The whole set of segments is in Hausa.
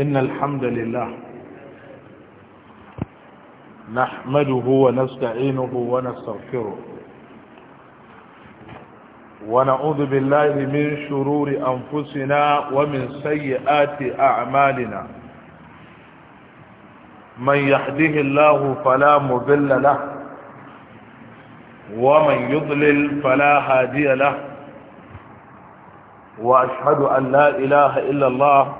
إن الحمد لله نحمده ونستعينه ونستغفره ونعوذ بالله من شرور أنفسنا ومن سيئات أعمالنا من يحده الله فلا مضل له ومن يضلل فلا هادي له وأشهد أن لا إله إلا الله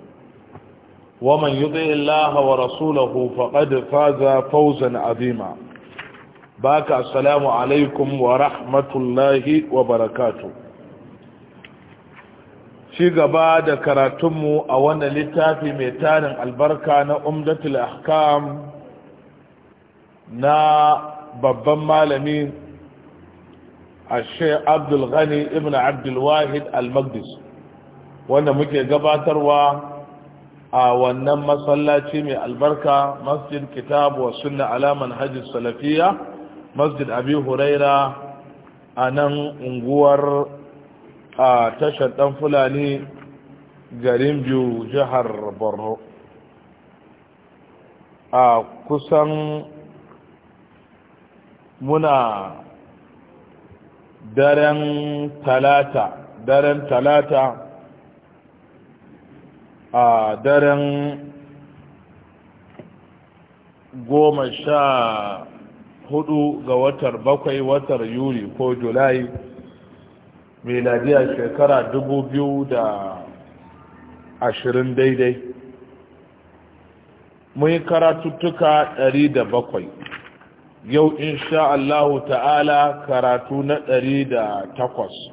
ومن يطع الله ورسوله فقد فاز فوزا عظيما باك السلام عليكم ورحمة الله وبركاته في غبا كراتمو أولا لتافي ميتان البركة نأمدة الأحكام نا babban malami ashe abdul ghani ibn abdul wahid al-magdis wanda muke gabatarwa a wannan masallaci mai albarka masjid kitab wa sunna alaman hajji salafiya masjid abi huraira a nan unguwar a tashar dan fulani garin biyu jihar borno a kusan muna daren talata daren talata a daren goma sha hudu ga watar bakwai watar yuli ko julai meladiya shekara dubu biyu da ashirin daidai mun yi karatuttuka ɗari da bakwai yau insha Allahu ta'ala karatu na ɗari da takwas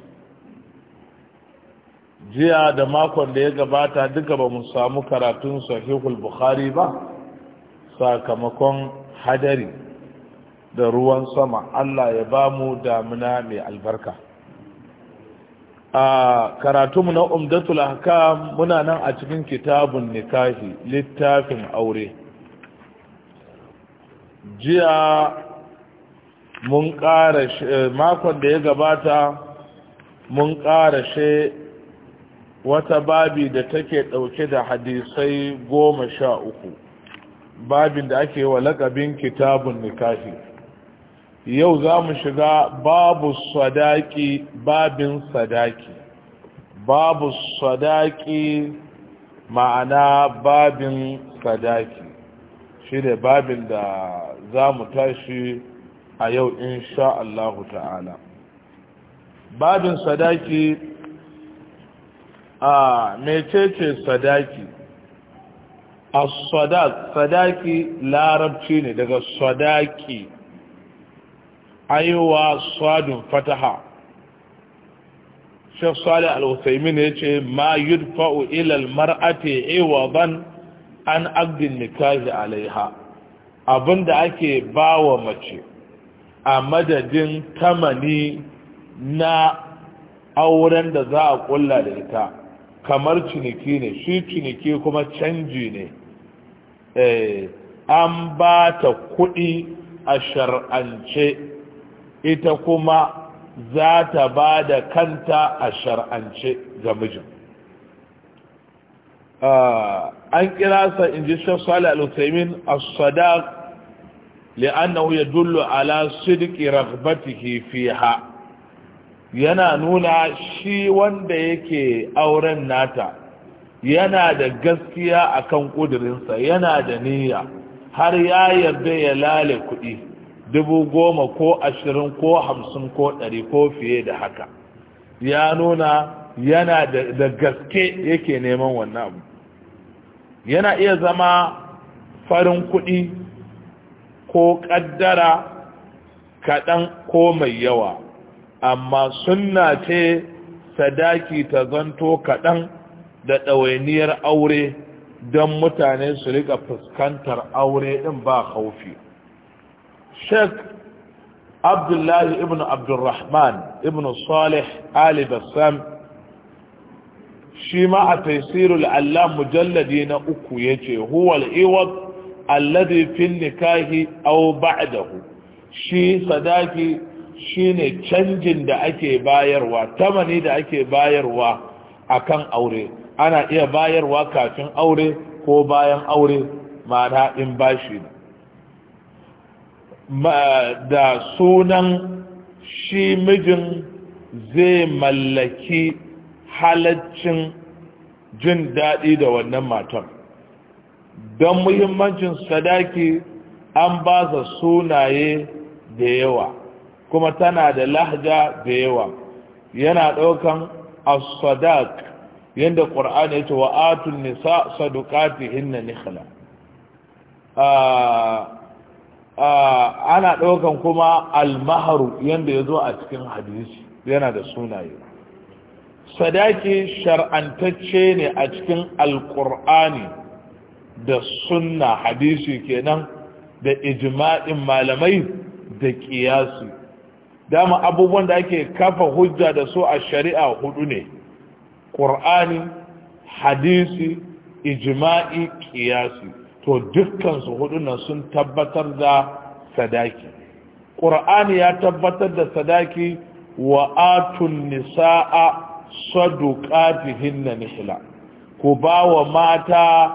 jiya da makon da ya gabata duka ba mu samu karatun sahihul bukhari ba sakamakon hadari da ruwan sama allah ya ba mu damuna mai albarka a karatunmu na umdatul ahkam muna nan a cikin kitabun nikahi littafin aure jiya mun eh, makon da ya gabata mun shi. wata babi da take ɗauke da hadisai goma sha uku babin da ake wa lakabin kitabun nikahi yau za mu shiga babu sadaki babin sadaki babu sadaki ma'ana babin sadaki shi ne babin da za mu tashi a yau insha Allahu ta'ala babin sadaki a mecece sadaki a sadak sadaki larabci ne daga sadaki aiwa sadun fataha shek salih al ne ya ce ma yudfa'u ilal mar'ati ban an abdin nikahi alaiha abinda ake bawa mace a madadin tamani na auren da za a kulla da ita kamar ciniki ne shi ciniki kuma canji ne eh, an ba ta kuɗi a shar'ance ita kuma za ta ba da kanta a shar'ance ga mijin eh, an kira sa in ji shan salih al-usaimin as-sadaq li'annahu yadullu ala sidqi raghbatihi fiha yana nuna shi wanda yake auren nata yana da gaskiya akan kudurinsa yana da niyya har ya yarda ya lale kuɗi dubu goma ko ashirin ko hamsin ko ɗari ko fiye da haka ya nuna yana da gaske yake neman wannan abu yana iya zama farin kuɗi ko ƙaddara kaɗan ko mai yawa amma suna ce sadaki ta zanto kaɗan da ɗawainiyar aure don mutane su rika fuskantar aure ɗin ba haufi sheik abdullahi ibn abdurrahman ibn salih ali bassam shi ma a taisirul allah mujalladi na uku ya ce huwal iwad alladhi fin nikahi aw ba'dahu shi sadaki shine canjin da ake bayarwa tamani da ake bayarwa akan aure ana iya bayarwa kafin aure ko bayan aure ma'ana in bashi da sunan shi mijin zai mallaki halaccin jin daɗi da wannan matar don muhimmancin sadaki an ba sunaye da yawa kuma tana da lahja da yawa yana ɗaukan as-sadaq yanda qur'ani yace wa atun nisa sadaqatihinna nikhla ana ɗaukan kuma al-mahru ya yazo a cikin hadisi yana da sunaye sadaki shar'antacce ne a cikin alƙur'ani da sunna hadisi kenan da ijma'in malamai da ƙiyasu. dama abubuwan da ake kafa hujja da su a shari'a hudu ne ƙur'ani hadisi ijma'i ƙiyasi to dukkansu hudunan sun tabbatar da sadaki ƙur'ani ya tabbatar da sadaki wa atun nisa'a saduqatihin nihila ku ba wa mata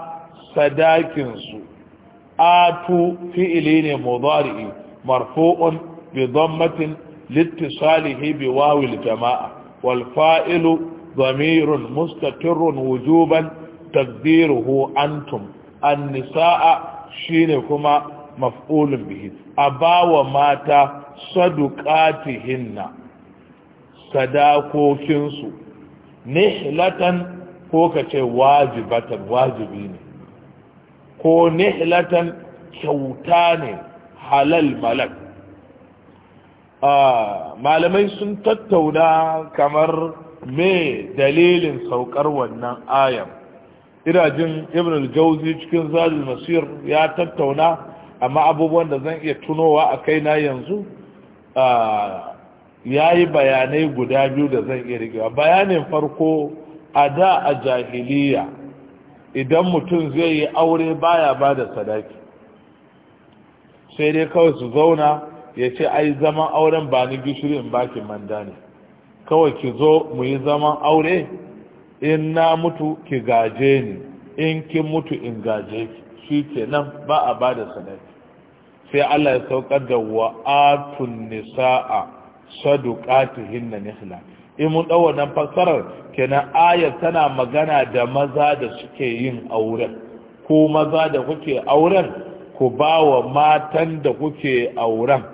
sadakinsu atu fi'ili ne mudari'i marfu'un bi dhammatin لاتصاله بواو الجماعة والفائل ضمير مستقر وجوبا تقديره أنتم النساء شينكما مفعول به أبا ومات صدقاتهن sadakokinsu nihlatan ko ka ce wajibatan wajibi ne ko nihlatan kyauta ne halal malak malamai sun tattauna kamar me dalilin saukar wannan ayan irajin ibn al jawzi cikin zadi masir ya tattauna amma abubuwan da zan iya tunowa a kai na yanzu ya yi bayanai guda biyu da zan iya rigewa bayanin farko a da a jahiliya idan mutum zai yi aure baya ba da sadaki sai dai kawai su zauna ya ce ai zaman auren ba ni gishiri in baki manda ne kawai ki zo mu yi zaman aure in na mutu ki gaje ni in ki mutu in gaje ki shi ke nan ba a ba da sanadi sai Allah ya saukar da wa'atun nisa'a sadukatihin hinna nihla in mun ɗau wannan fassarar kenan ayar tana magana da maza da suke yin auren ko maza da kuke auren ku ba wa matan da kuke auren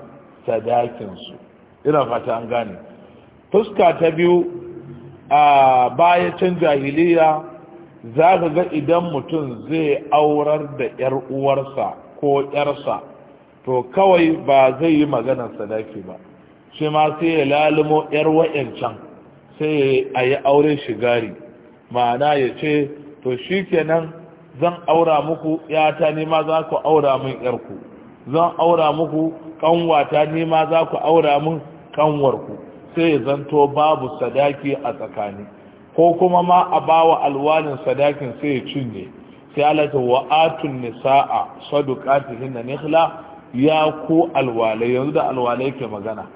sadakinsu ina fata an gane fuska ta biyu a baya can jahiliya za ka ga idan mutum zai aurar da 'yar uwarsa ko 'yarsa to kawai ba zai yi maganar sadaki ba shi ma sai ya lalimo 'yar wa'yancan sai a yi aure shigari ma'ana ya ce to shi kenan zan aura muku 'yata ne ma za ku aura min 'yarku zan aura muku kanwata ni ma za ku aura min kanwarku sai ya zanto babu sadaki a tsakani ko kuma ma a bawa alwanin sadakin sai ya cinye sai alata wa atun nisa'a sadukatihin na nihla ya ku al'wale yanzu da al'wale ke magana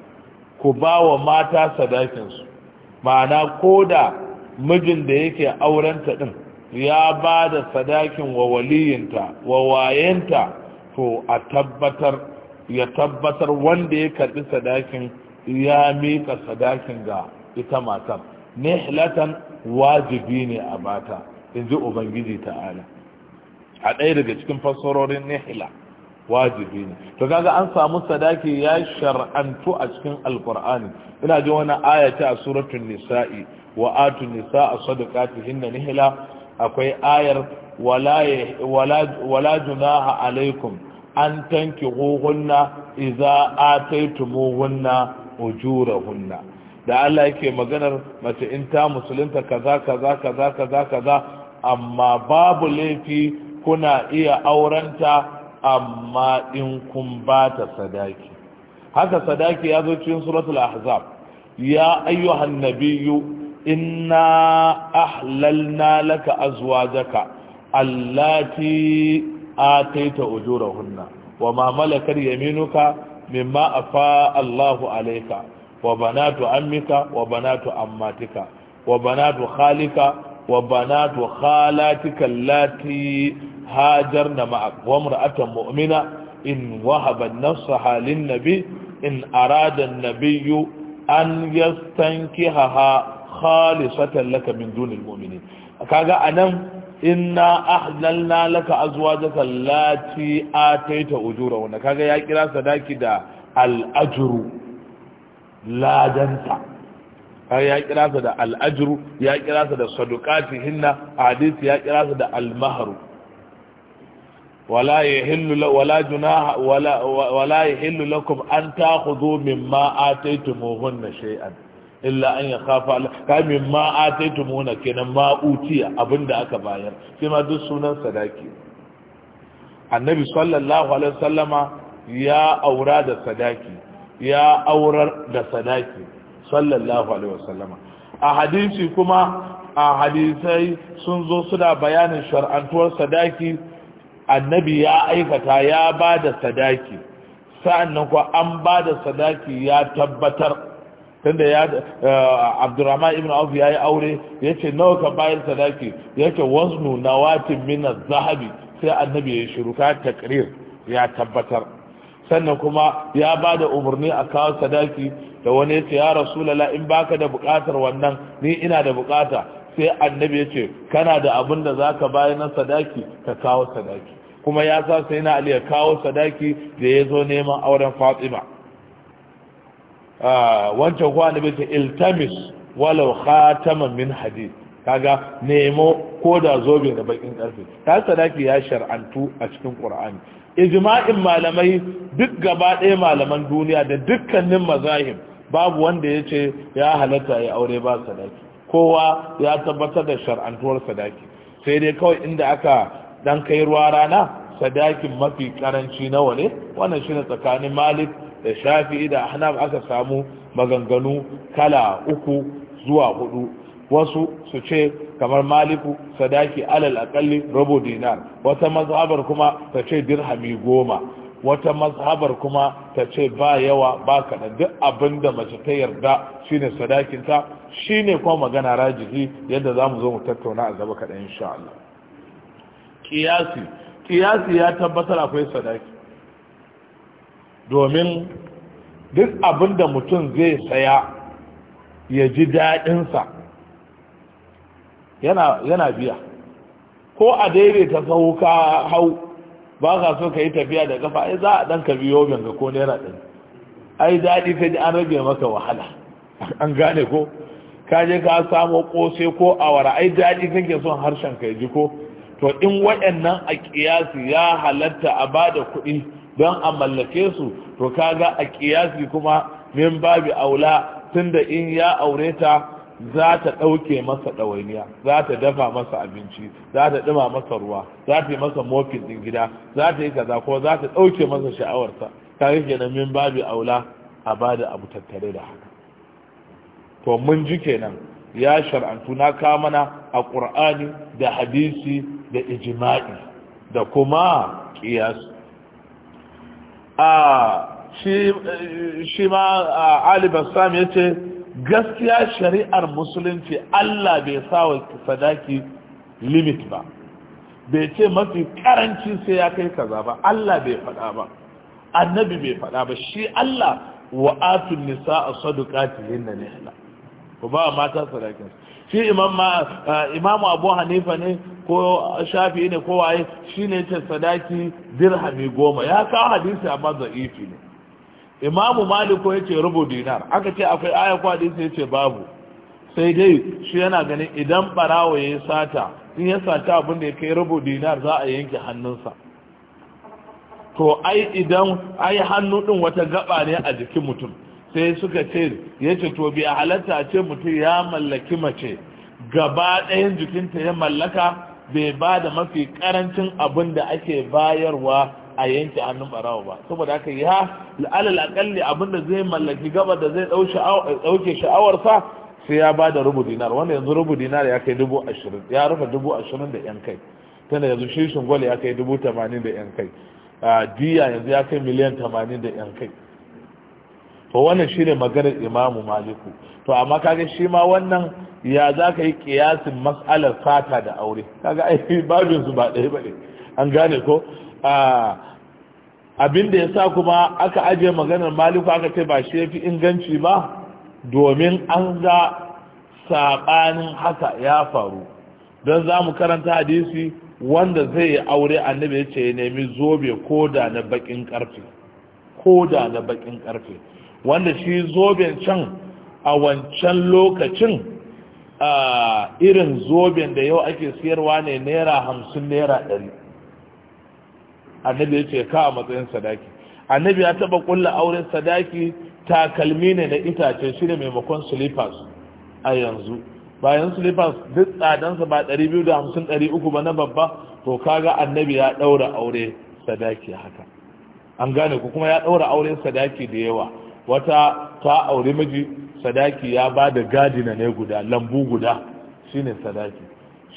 ku bawa mata sadakinsu ma'ana ko da mijin da yake aurenta din ya ba da sadakin wa waliyinta wa wayenta to a tabbatar ya tabbatar wanda ya karbi sadakin ya mika sadakin ga ita matar nihlatan wajibi ne a bata ji ubangiji ta'ala a ɗaya daga cikin fassarorin nihla wajibi ne to kaga an samu sadaki ya shar'antu a cikin alkur'ani ina ji wani aya ta a suratul nisa'i wa atun nisa'a sadaqatihinna nihila akwai ayar wala wala junaha alaikum an tanki hunna iza ataitumuhunna ujurahunna da Allah yake maganar mace in ta musulunta kaza kaza kaza kaza kaza amma babu laifi kuna iya aurenta amma in kun ba ta sadaki haka sadaki ya zo cikin suratul ahzab ya ayyuhan nabiyyu inna ahlalna laka azwajaka allati ataita ujurahunna wa ma kar yaminuka mimma afa Allahu alayka wa banatu ammika wa banatu ammatika wa banatu khalika wa banatu khalatika allati hajarna ma'ak wa imra'atan mu'mina in wahaba nafsaha lin nabi in arada an-nabiyyu an yastankihaha khalisatan laka min dunil mu'minin kaga anan inna ahlalna laka azwajaka allati ataita ujurahunna kaga ya kira sadaki da al-ajru ladanta kaga ya kira sa da al ya kira sa da hinna hadisi ya kira sa da al mahru wala yahillu wala junaha wala wala yahillu lakum an ta'khudhu mimma ataytumuhunna shay'an illa an ya kafa kamin ma a taitumuna kenan ma utiya abinda aka bayar sai ma duk sunan sadaki annabi sallallahu alaihi wasallama ya aura da sadaki ya aurar da sadaki sallallahu alaihi wasallama a hadisi kuma a hadisai sun zo suna bayanin shar'antuwar sadaki annabi ya aikata ya ba da sadaki sa'annan kuwa an ba da sadaki ya tabbatar tunda ya eh, abdurrahman ibn auf ya yi aure ya ce nawa ka bayar sadaki ya ce wasu na watin mina zahabi sai annabi ya shiru ka takrir ya tabbatar sannan kuma ya ba da umarni a kawo sadaki da wani ya ce ya rasulala in baka da bukatar wannan ni ina da bukata sai annabi ya ce kana da abin da za ka bayar na sadaki ka kawo sadaki kuma ya sa sai na ali ya kawo sadaki da ya zo neman auren fatima wancan kuwa bai ta iltamis walau khataman min hadid kaga nemo ko da zobe da bakin karfe ta sadaki ya shar'antu a cikin qur'ani ijma'in malamai duk gaba ɗaya malaman duniya da dukkanin mazahib babu wanda ya ce ya halatta ya aure ba sadaki kowa ya tabbatar da shar'antuwar sadaki sai dai kawai inda aka dan kai ruwa rana sadakin mafi karanci nawa ne wannan shine tsakanin malik da shafi da ahnaf aka samu maganganu kala uku zuwa hudu wasu su ce kamar maliku sadaki alal akalli rabo dinar wata mazhabar kuma ta ce dirhami goma wata mazhabar kuma ta ce ba yawa ba kaɗan duk abin da mace ta yarda shine sadakinta shine kuma magana rajihi yadda za mu zo mu tattauna a gaba kaɗan insha Allah kiyasi kiyasi ya tabbatar akwai sadaki domin duk abin da mutum zai saya ya ji daɗinsa yana biya ko a daidaita sahu ka hau ba ka so ka yi tafiya da kafa ai za a ɗan ka biyo ganga ko naira ɗin ai daɗi ka ji an rage maka wahala an gane ko ka je ka samo ƙose ko awara ai daɗi kake son harshen ka ji ko to in waɗannan a ƙiyasi ya halatta a bada kuɗi don a mallake su to kaga a kiyasi kuma min babi aula tunda in ya aure ta za ta ɗauke masa ɗawainiya za ta dafa masa abinci za ta ɗuma masa ruwa za ta yi masa mofin ɗin gida za ta yi kaza ko za ta ɗauke masa sha'awarsa kaga kenan min babi aula a ba abu tattare da haka to mun ji kenan ya shar'antu na kamana a ƙur'ani da hadisi da ijima'i da kuma ƙiyasu Aa shi ma alibar sam ya ce gaskiya shari'ar musulunci allah bai sa wa sadaki limit ba bai ce mafi karanci sai ya kai kaza ba allah bai faɗa ba annabi bai faɗa ba shi allah wa'atun nisa a sadukati na nihla ko ba mata sadakin shi imam imam abu hanifa ne ko shafi ne ko waye shine ce sadaki dirhami goma ya kawo hadisi amma za'ifi ne imamu maliko yace rubu dinar aka ce akwai aya ko hadisi yace babu sai dai shi yana ganin idan barawo ya sata in ya sata abin da ya kai rubu dinar za a yanke hannunsa to ai idan ai hannu din wata gaba ne a jikin mutum sai suka ce ya ce to bi a halatta ce mutum ya mallaki mace gaba ɗayan jikinta ya mallaka bai ba da mafi karancin abin da ake bayarwa a yanke hannun barawa ba saboda haka ha alal akalli abin da zai mallaki gaba da zai ɗauke sha'awarsa sai ya ba da rubu dinar wanda yanzu rubu dinar ya kai dubu ashirin ya rufe dubu ashirin da yan kai tana yanzu shi gwal ya kai dubu tamanin da yan kai diya yanzu ya kai miliyan tamanin da yan kai to wannan ne maganar imamu maliku to amma kaga shi ma wannan ya za ka yi kiyasin mas'alar fata da aure kaga ai babin su ba ɗaya bane an gane ko abin da ya sa kuma aka ajiye maganar maliku aka ce ba shi ya fi inganci ba domin an ga saɓanin haka ya faru don za mu karanta hadisi wanda zai yi aure annabi ya ce ya nemi zobe da na bakin karfe da na bakin karfe wanda shi zoben can a wancan lokacin a irin zoben da yau ake siyarwa ne naira hamsin naira ɗari annabi ya ce ka a matsayin sadaki annabi ya taɓa ƙulla auren sadaki takalmi ne na itace shi ne maimakon slippers a yanzu bayan slippers duk tsadansa ba ɗari biyu da hamsin ɗari uku ba na babba to kaga annabi ya ɗaura aure sadaki haka an gane ku kuma ya ɗaura aure sadaki da yawa wata ta aure miji sadaki ya ba da gadina ne guda lambu guda shine sadaki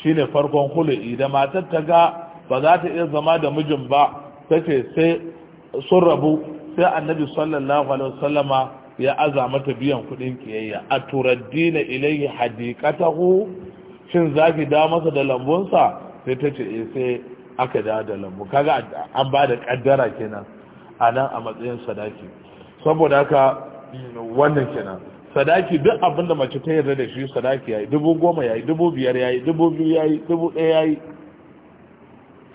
shine farkon hulu'i da matar ta ga ba za ta iya zama da mijin ba ta ce sai sun rabu sai annabi sallallahu alaihi wasallama ya aza mata biyan kudin kiyayya a turaddina ilayhi hadiqatahu shin zaki da masa da lambunsa sai ta ce eh sai aka da da lambu kaga an ba da kaddara kenan a nan a matsayin sadaki saboda haka wannan kenan sadaki duk abinda mace ta yarda da shi sadaki yayi dubu goma yayi dubu biyar yayi dubu biyu yayi dubu ɗaya yayi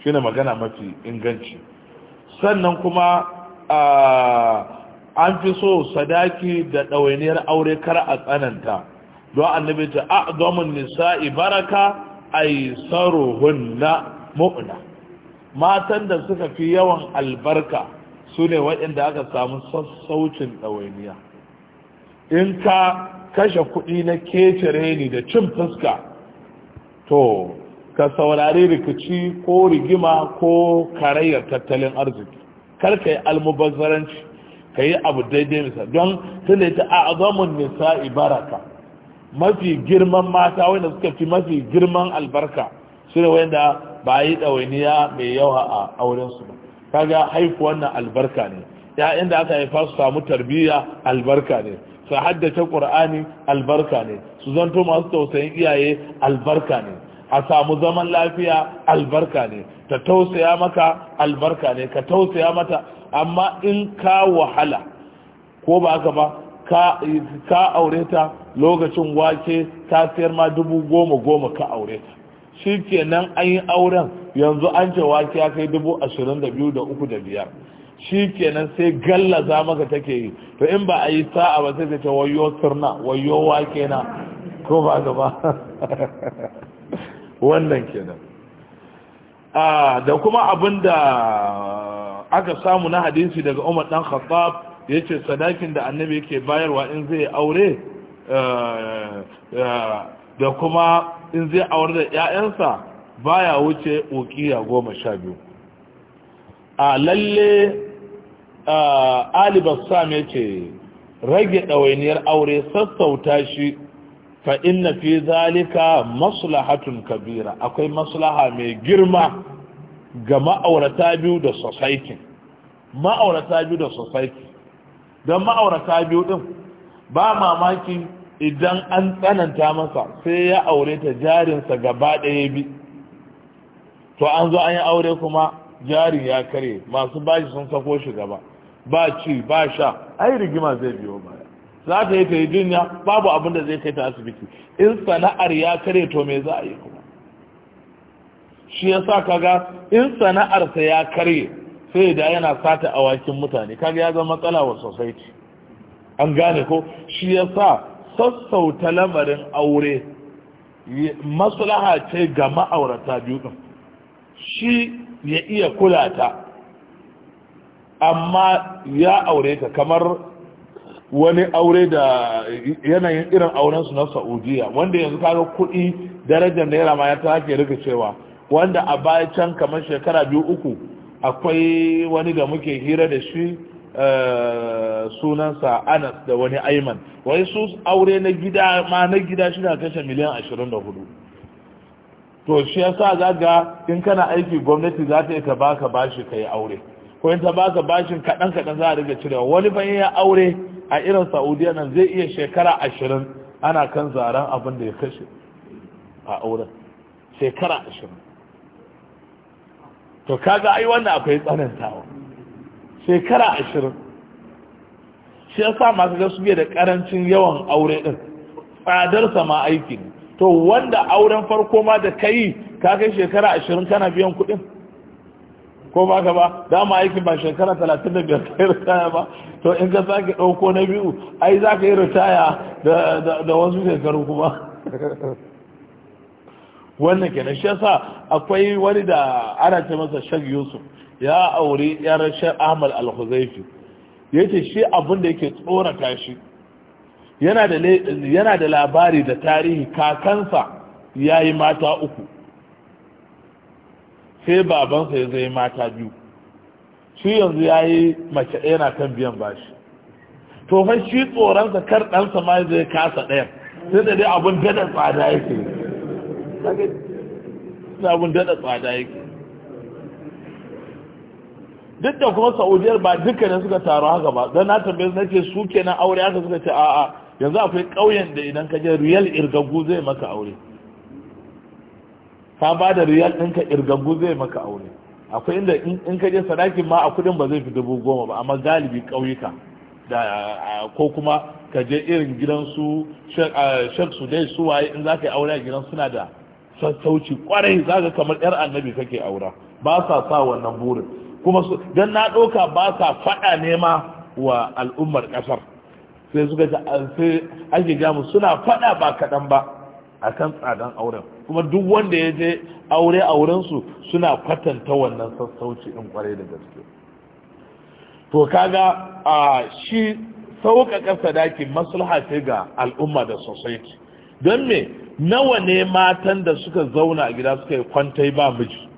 shine magana mafi inganci sannan kuma an fi so sadaki da ɗawainiyar aure kar a tsananta don annabi ta a domin nisa'i baraka ai na mu'una. matan da suka fi yawan albarka su ne waɗanda aka samu sassaucin ɗawainiya in ka kashe kuɗi na kecere reni da cin fuska to ka saurari rikici ko rigima ko karayar tattalin arziki kar ka yi almubazzaranci ka yi abu daidai misa don tunda ita a azamun nisa ibaraka mafi girman mata wanda suka fi mafi girman albarka su ne wanda ba yi ɗawainiya mai yawa a aurensu ba kaga haifu nan albarka ne ya'yan da aka haifa su samu tarbiyya albarka ne su haddace qur'ani albarka ne su zanto masu tausayin iyaye albarka ne a samu zaman lafiya albarka ne ta tausaya maka albarka ne ka tausaya mata amma in ka wahala ko ba haka ba ka aure ta lokacin wake ta sayar ma dubu goma goma ka aure shi kenan an yi auren yanzu an ce wake ya kai dubu ashirin da biyu da uku da biyar shi kenan sai gallaza maka take yi to in ba a yi sa'a ba sai ce wayo sirna wayo wake na ko ba gaba wannan kenan ah, da kuma abin da aka samu na hadisi daga umar dan khattab ya ce sadakin da annabi yake bayarwa in zai aure eh, eh, da kuma in zai aure da 'ya'yansa ba ya wuce ukiya goma sha biyu a lalle alibar sam ya ce rage ɗawainiyar aure sassauta shi fa inna fi zalika maslahatun kabira akwai maslaha mai girma ga ma'aurata biyu da society ma'aurata biyu da society don ma'aurata biyu din ba mamaki idan an tsananta masa sai ya aure ta jarinsa gaba ɗaya bi to an zo an yi aure kuma jarin ya kare masu bashi sun sako shi gaba ba ci ba sha ai rigima zai biyo baya za ta yi ta yi jinya babu abin da zai kai ta asibiti in sana'ar ya kare to me za a yi kuma shi ya sa kaga in sana'arsa ya karye sai da yana sata awakin mutane kaga ya zama matsala wa society an gane ko shi ya sa sassauta lamarin aure maslaha ce ga ma'aurata biyu ɗin shi ya iya kula ta amma ya aure ta kamar wani aure da yanayin irin aurensu na saudiya wanda yanzu kaga kuɗi darajar naira ma ya take rika cewa wanda a baya can kamar shekara biyu uku akwai wani da muke hira da shi Eh, sunansa anas da wani aiman wai su aure na gida ma na gida shi na kashe miliyan 24 to shi yasa za ga in kana aiki gwamnati za ta yi ta baka bashi ka yi aure ko in ta baka bashin kaɗan kaɗan za a riga cire wani bayan ya aure a irin saudiya nan zai iya shekara ashirin ana kan zaren abin da ya kashe a auren shekara ashirin to kaga ai wannan akwai tsanantawa shekara ashirin shi yasa masu gasu da karancin yawan aure din tsadarsa ma aiki to wanda auren farko ma da ka yi ka kai shekara ashirin kana biyan kuɗin ko ba ka ba dama aikin ba shekara talatin da biyar ka yi ritaya ba to in ka sake ɗauko na biyu ai za ka yi ritaya da wasu shekaru kuma wannan kenan shi yasa akwai wani da ana ce masa shag yusuf ya aure yar shar ahmal al-huzaifi yace shi abinda da yake tsorata shi yana da yana da labari da tarihi kakansa yayi mata uku sai babansa ya zai mata biyu shi yanzu yayi mace ɗaya na kan biyan bashi to fa shi tsoronsa kar ɗansa ma zai kasa ɗayan sai da dai abin daɗa tsada yake abin daɗa tsada yake duk da kuma saudiyar ba dukkanin suka taru haka ba don na tambaye su nace su kenan aure haka suka ce a'a yanzu akwai ƙauyen da idan ka je riyal irgaggu zai maka aure ka ba da riyal ɗinka irgaggu zai maka aure akwai inda in ka je sadakin ma a kudin ba zai fi dubu goma ba amma galibi ƙauyuka da ko kuma ka je irin gidansu shek su dai su waye in za ka yi aure a gidan suna da sassauci kwarai za ka kamar yar annabi kake aura ba sa sa wannan burin kuma su don na ɗauka ba sa faɗa nema wa al'ummar ƙasar sai suka ce sai ake gamu suna faɗa ba kaɗan ba a kan tsadan auren kuma duk wanda ya je aure a aurensu suna kwatanta wannan sassauci in kwarai da gaske to kaga a shi sauƙaƙa sadakin maslaha ce ga al'umma da sosaiti, don me nawa ne matan da suka zauna a gida suka yi kwantai ba miji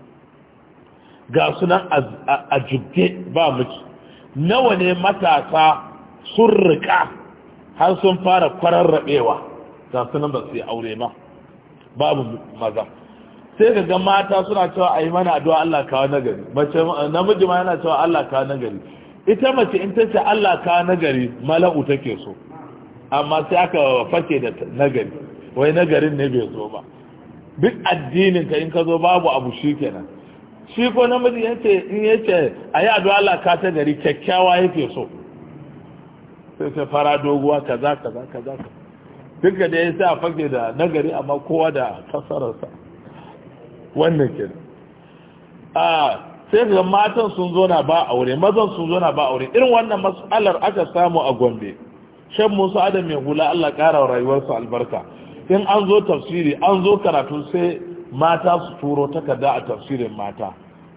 ga sunan a jubbe ba miki nawa ne matasa sun rika har sun fara kwararrabewa ga sunan ba su yi aure ba babu maza sai ka ga mata suna cewa a yi mana addu'a Allah kawo nagari mace namiji ma yana cewa Allah kawo nagari ita mace in ta ce Allah kawo nagari mala'u take so amma sai aka fake da nagari wai nagarin ne bai zo ba duk addinin ka in ka zo babu abu shi kenan shi ko namiji ce in a yi addu'a Allah ka ta gari kyakkyawa yake so sai ta fara doguwa kaza kaza kaza duka da ya a fage da nagari amma kowa da kasararsa wannan ke a sai ga matan sun zo na ba aure mazan sun zo na ba aure irin wannan mas'alar aka samu a Gombe shan musu Adam mai hula Allah ƙara rayuwarsa albarka in an zo tafsiri an zo karatu sai mata su turo takarda a tafsirin mata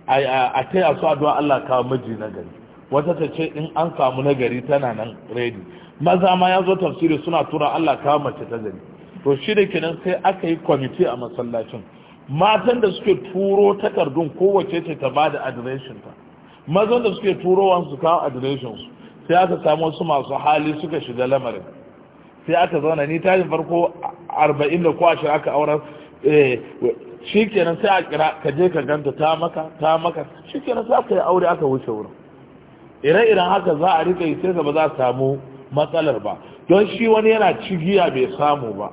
a taya su addu'a Allah kawo miji na gari wata ta ce in an samu nagari tana nan ready maza ma ya zo tafsiri suna tura Allah kawo mace ta gari to shi da kenan sai aka yi kwamiti a masallacin matan da suke turo takardun kowace ce ta bada adireshin ta mazan da suke turo su kawo adireshin su sai aka samu wasu masu hali suka shiga lamarin sai aka zauna ni tashin farko arba'in da ko aka aurar Eh, shi kenan sai a kira ka je ka ganta ta maka ta maka shi kenan sai aka yi aure aka wuce wurin ire-iren haka za a rika yi sai ka ba za a samu matsalar ba don shi wani yana cigiya bai samu ba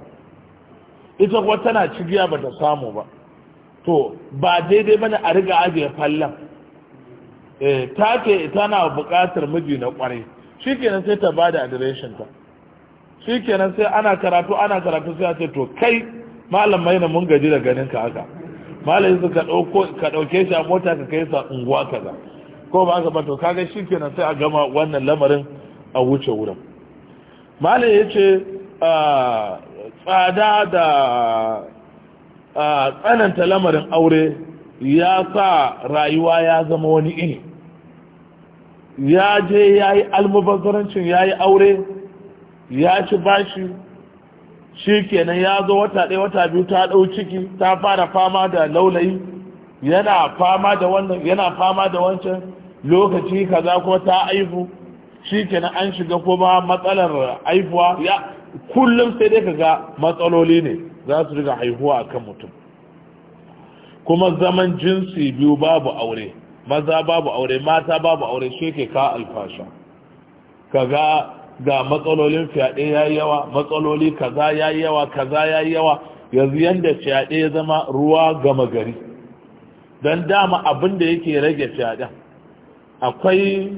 ita kuwa tana cigiya ba ta samu ba to ba daidai bane a riga ajiye fallon eh, ta ke tana buƙatar miji na ƙwarai shi kenan sai ta ba da adireshinta shi kenan sai ana karatu ana karatu sai a ce to kai malam maina mun gaji da ganin ka haka malam yanzu ka ɗauke shi a mota ka kai sa unguwa kaza ko ba ka bato kaga shi kenan sai a gama wannan lamarin a wuce wurin malam ya ce tsada da tsananta lamarin aure ya sa rayuwa ya zama wani ini ya je ya yi almubazarancin ya yi aure ya ci bashi shi kenan ya zo wata ɗaya wata biyu ta ɗau ciki ta fara fama da laulayi yana fama da wancan lokaci kaza ko ta aihu shi an shiga kuma matsalar aihuwa ya kullum sai dai kaga matsaloli ne za su riga haihuwa akan mutum kuma zaman jinsi biyu babu aure maza babu aure mata babu aure shi ke ka alfasha kaga ga matsalolin fyaɗe ya yawa matsaloli kaza ya yawa kaza ya yi yawa yanzu yadda fyaɗe ya zama ruwa gama gari don dama abin da yake rage fyaɗen akwai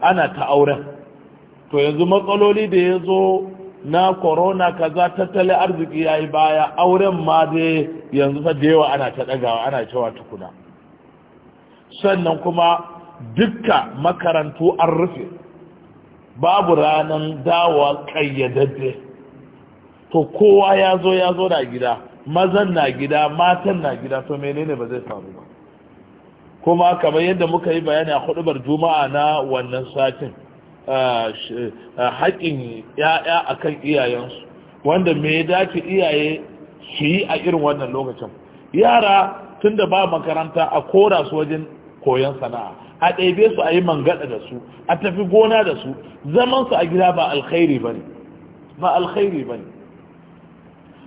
ana ta auren to yanzu matsaloli da ya zo na korona kaza tattalin arziki ya yi baya auren ma dai yanzu fa da yawa ana ta ɗagawa ana cewa tukuna sannan kuma dukka makarantu an rufe babu ranar dawa kayyadadde to kowa ya zo ya zo na gida mazan na gida matan na gida to menene ba zai faru ba kuma kamar yadda muka yi bayani a hudubar juma'a na wannan satin haƙin ya'ya a kan iyayensu wanda me ya dace iyaye su yi a irin wannan lokacin yara tunda ba makaranta a kora su wajen koyon sana'a a ɗaibe su a yi mangada da su a tafi gona da su zaman su a gida ba alkhairi bane ba alkhairi bane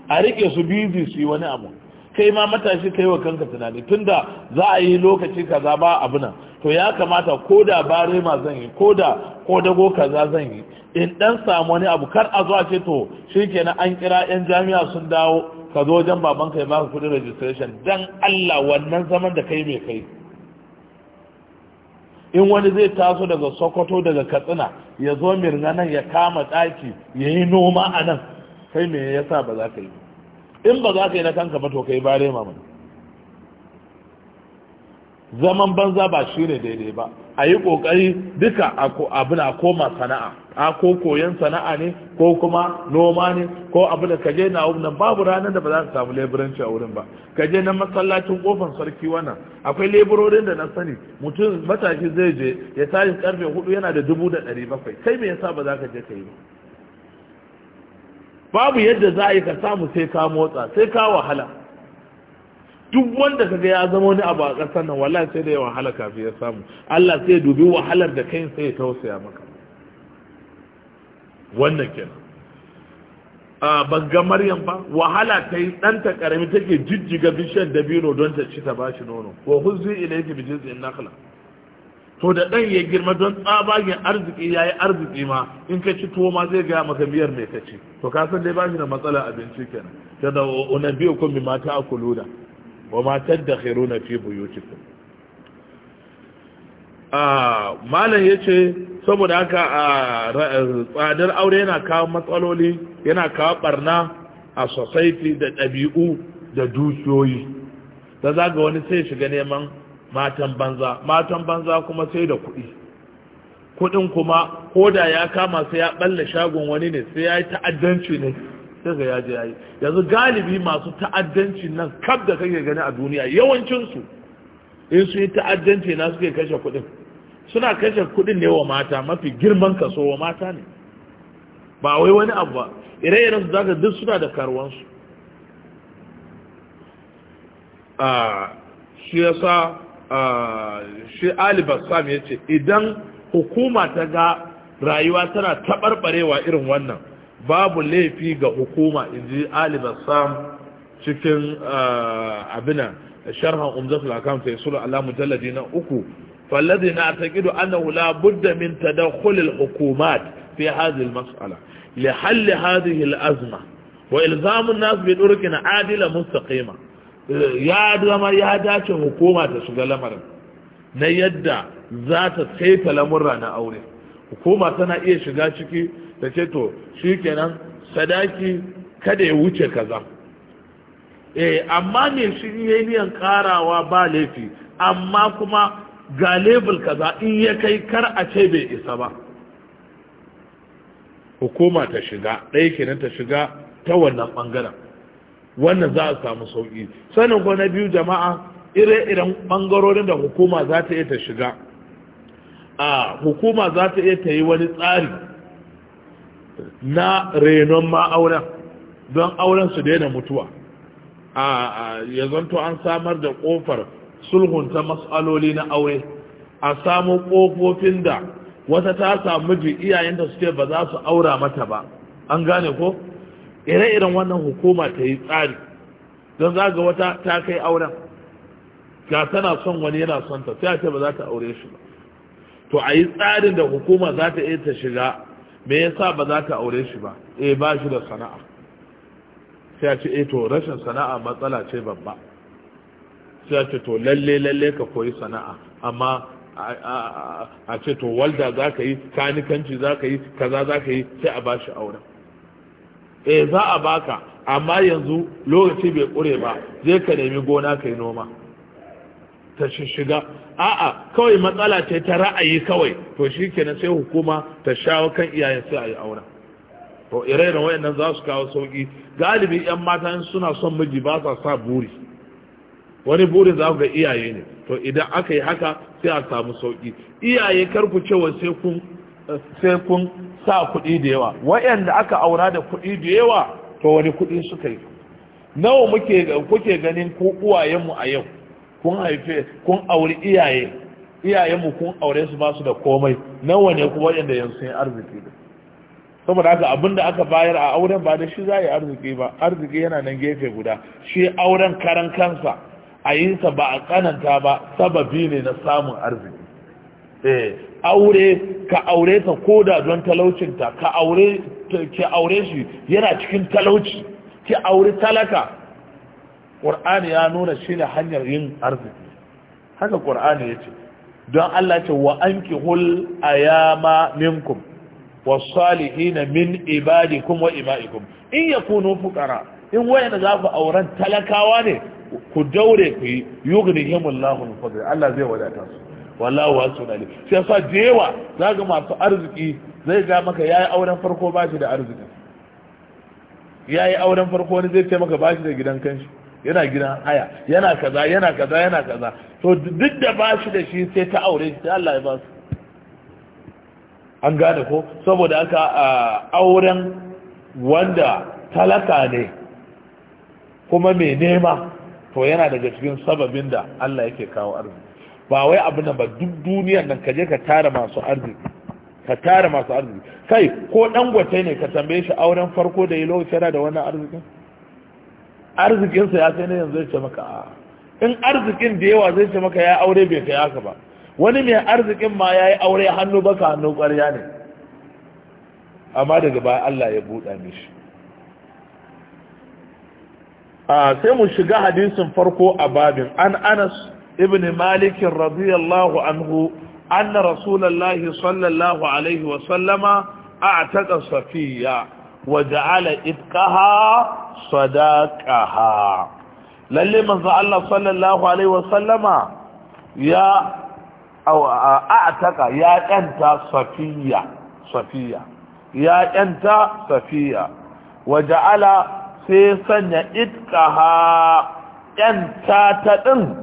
a riƙe su bizi su yi wani abu kai ma matashi kai wa kanka tunani tunda za a yi lokaci kaza ba abu nan to ya kamata ko da barema zan yi ko da kodago kaza zan yi in dan samu wani abu kar a zo a ce to shikenan an kira yan jami'a sun dawo ka zo wajen babanka kai baka kudin registration dan Allah wannan zaman da kai mai kai in wani zai taso daga sokoto daga katsina ya zo mirna nan ya kama ɗaki ya yi noma a nan kai me ya sa ba za ka yi in ba za ka yi na kanka ba to ka yi bare mamani zaman banza ba shi ne daidai ba a yi ƙoƙari duka abin a koma sana'a a ko koyon sana'a ne ko kuma noma ne ko abin da kaje na wurin babu ranar da ba za ka samu leburanci a wurin ba kaje na masallacin kofan sarki wannan akwai leburorin da na sani mutum matashi zai je ya tashi karfe hudu yana da dubu da ɗari bakwai kai me yasa ba za ka je ka yi ba babu yadda za a yi ka samu sai ka motsa sai ka wahala duk wanda ka ga ya zama wani abu a ƙasar nan wala sai da yawan wahala kafin ya samu Allah sai dubi wahalar da kai sai ya tausaya maka wannan kenan a banga maryam ba wahala ta yi ɗanta ƙarami take jijjiga bishiyar dabino don ta ci ta ba shi nono Ko huzu ila yake bi jiz'in nakhla to da ɗan ya girma don tsabagen arziki ya yi arziki ma in ka ci tuwo ma zai gaya maka miyar mai ka ci to ka san dai ba shi da matsala abinci kenan ta da unan biyu kun bi mata a kuluda wa ma tadakhiruna fi buyutikum ah malam yace saboda haka ah, tsadar aure yana kawo matsaloli yana kawo barna a society da ɗabi'u da dukiyoyi da zaga wani sai shiga neman matan banza matan banza kuma sai da kuɗi kuɗin kuma ko ya kama sai ya ɓalla shagon wani ne sai ya yi ta'addanci ne sai ga yaje yayi yanzu galibi masu ta'addanci nan kab da kake gani a duniya yawancin su in su yi ta'addanci na suke kashe kuɗin suna kashe kuɗin ne wa mata mafi girman kaso wa mata ne ba wai wani abu ba ire-iren su zaka duk suna da karuwansu shi yasa shi Ali Bassam ya ce idan hukuma ta ga rayuwa tana taɓarɓarewa irin wannan babu laifi ga hukuma inji ji bassam cikin ah, abina sharhan umzatul akam sai sulu ala mujalladi na uku fallazi na taqidu annahu la budda min tadakhul al hukumat fi hadhihi al mas'ala li hal hadhihi al azma wa ilzam an nas bi turqin adila mustaqima ya zama ya dace hukuma ta shiga lamarin na yadda za ta saita lamurra na aure hukuma tana iya shiga ciki ta ce to shi kenan sadaki kada ya wuce kaza eh amma ne shi ya niyan karawa ba laifi amma kuma ga level kaza in ya kai kar a ce bai isa ba hukuma ta shiga ɗaya kenan ta shiga ta wannan bangaren wannan za a samu sauƙi sanin ko na biyu jama'a ire-iren bangarorin da hukuma za ta iya ta shiga a ah, hukuma za ta iya ta yi wani tsari na renon ma auren don auren su daina mutuwa a ya an samar da kofar ta matsaloli na aure a samu kofofin da wata ta samu ji da suke ba za su aura mata ba an gane ko ire-iren wannan hukuma ta yi tsari don za ga wata ta kai auren ga tana son wani yana son ta sai ce ba za ta aure shi ba to a yi tsarin da hukuma za ta iya ta shiga me yasa ba za ta aure shi ba eh ba shi da sana'a sai ce eh to rashin sana'a matsala ce babba sai ce to lalle lalle ka koyi sana'a amma a ce to walda za ka yi kanikanci za ka yi kaza za ka yi sai a ba shi auren eh za a baka amma yanzu lokaci bai kure ba zai ka nemi gona ka yi noma ta shiga a'a kawai matsala ce ta ra'ayi kawai to shi kenan sai hukuma ta shawo kan iyayen sai a yi aura to ire wayannan za su kawo sauki galibi yan mata suna son miji ba sa sa buri wani burin za ku ga iyaye ne to idan aka yi haka sai a samu sauki iyaye kar ku cewa sai kun sai kun sa kuɗi da yawa wayanda aka aura da kuɗi da yawa to wani kuɗi suka yi nawa muke kuke ganin ko uwayenmu a yau kun haife kun auri iyaye iyayenmu kun aure su ba su da komai nawa ne kuma yadda yanzu sun arziki da saboda haka abin da aka bayar a auren ba da shi za yi arziki ba arziki yana nan gefe guda shi auren karan kansa a yi sa ba a tsananta ba sababi ne na samun arziki eh aure ka aure ta koda don talaucinta ka aure ki aure shi yana cikin talauci ki aure talaka Qur'ani ya nuna shi ne hanyar yin arziki haka ƙur'ani ya ce don Allah ce wa an hul ayama minkum wasalihina min ibadikum wa ima'ikum in yakunu fuqara in wayanda za ku auren talakawa ne ku daure ku yi yughnihimullahu min fadli Allah zai wadata su wallahu wasun alim sai sa dewa zaka masu arziki zai ga maka yayi auren farko ba shi da arziki yayi auren farko wani zai ce maka ba shi da gidan kanshi yana gidan haya yana kaza yana kaza yana kaza to duk da ba shi da shi sai ta aure shi sai Allah ya ba su an gane ko saboda aka auren wanda talaka ne kuma mai nema to yana daga cikin sababin da Allah yake kawo arziki ba wai abu na ba duk duniyar nan kaje ka tara masu arziki ka tara masu arziki kai ko dangote ne ka tambaye shi auren farko da yi lokacin da wannan arzikin arzikinsa ya kai na yanzu ce maka a in arzikin da yawa zai ce maka ya aure bai kai haka ba wani mai arzikin ma ya yi aure hannu baka hannu ƙwarya ne amma daga baya Allah ya buɗa mishi sai mu shiga hadisin farko a babin an anas ibn malikin radiyallahu anhu anna rasulullahi sallallahu alaihi wa a taƙa safiya waja'ala itqaha sadaqaha lalle manzo Allah sallallahu alaihi wasallama ya a'taka ya kanta safiya safiya ya kanta safiya waja'ala sai sanya itqaha kanta ta din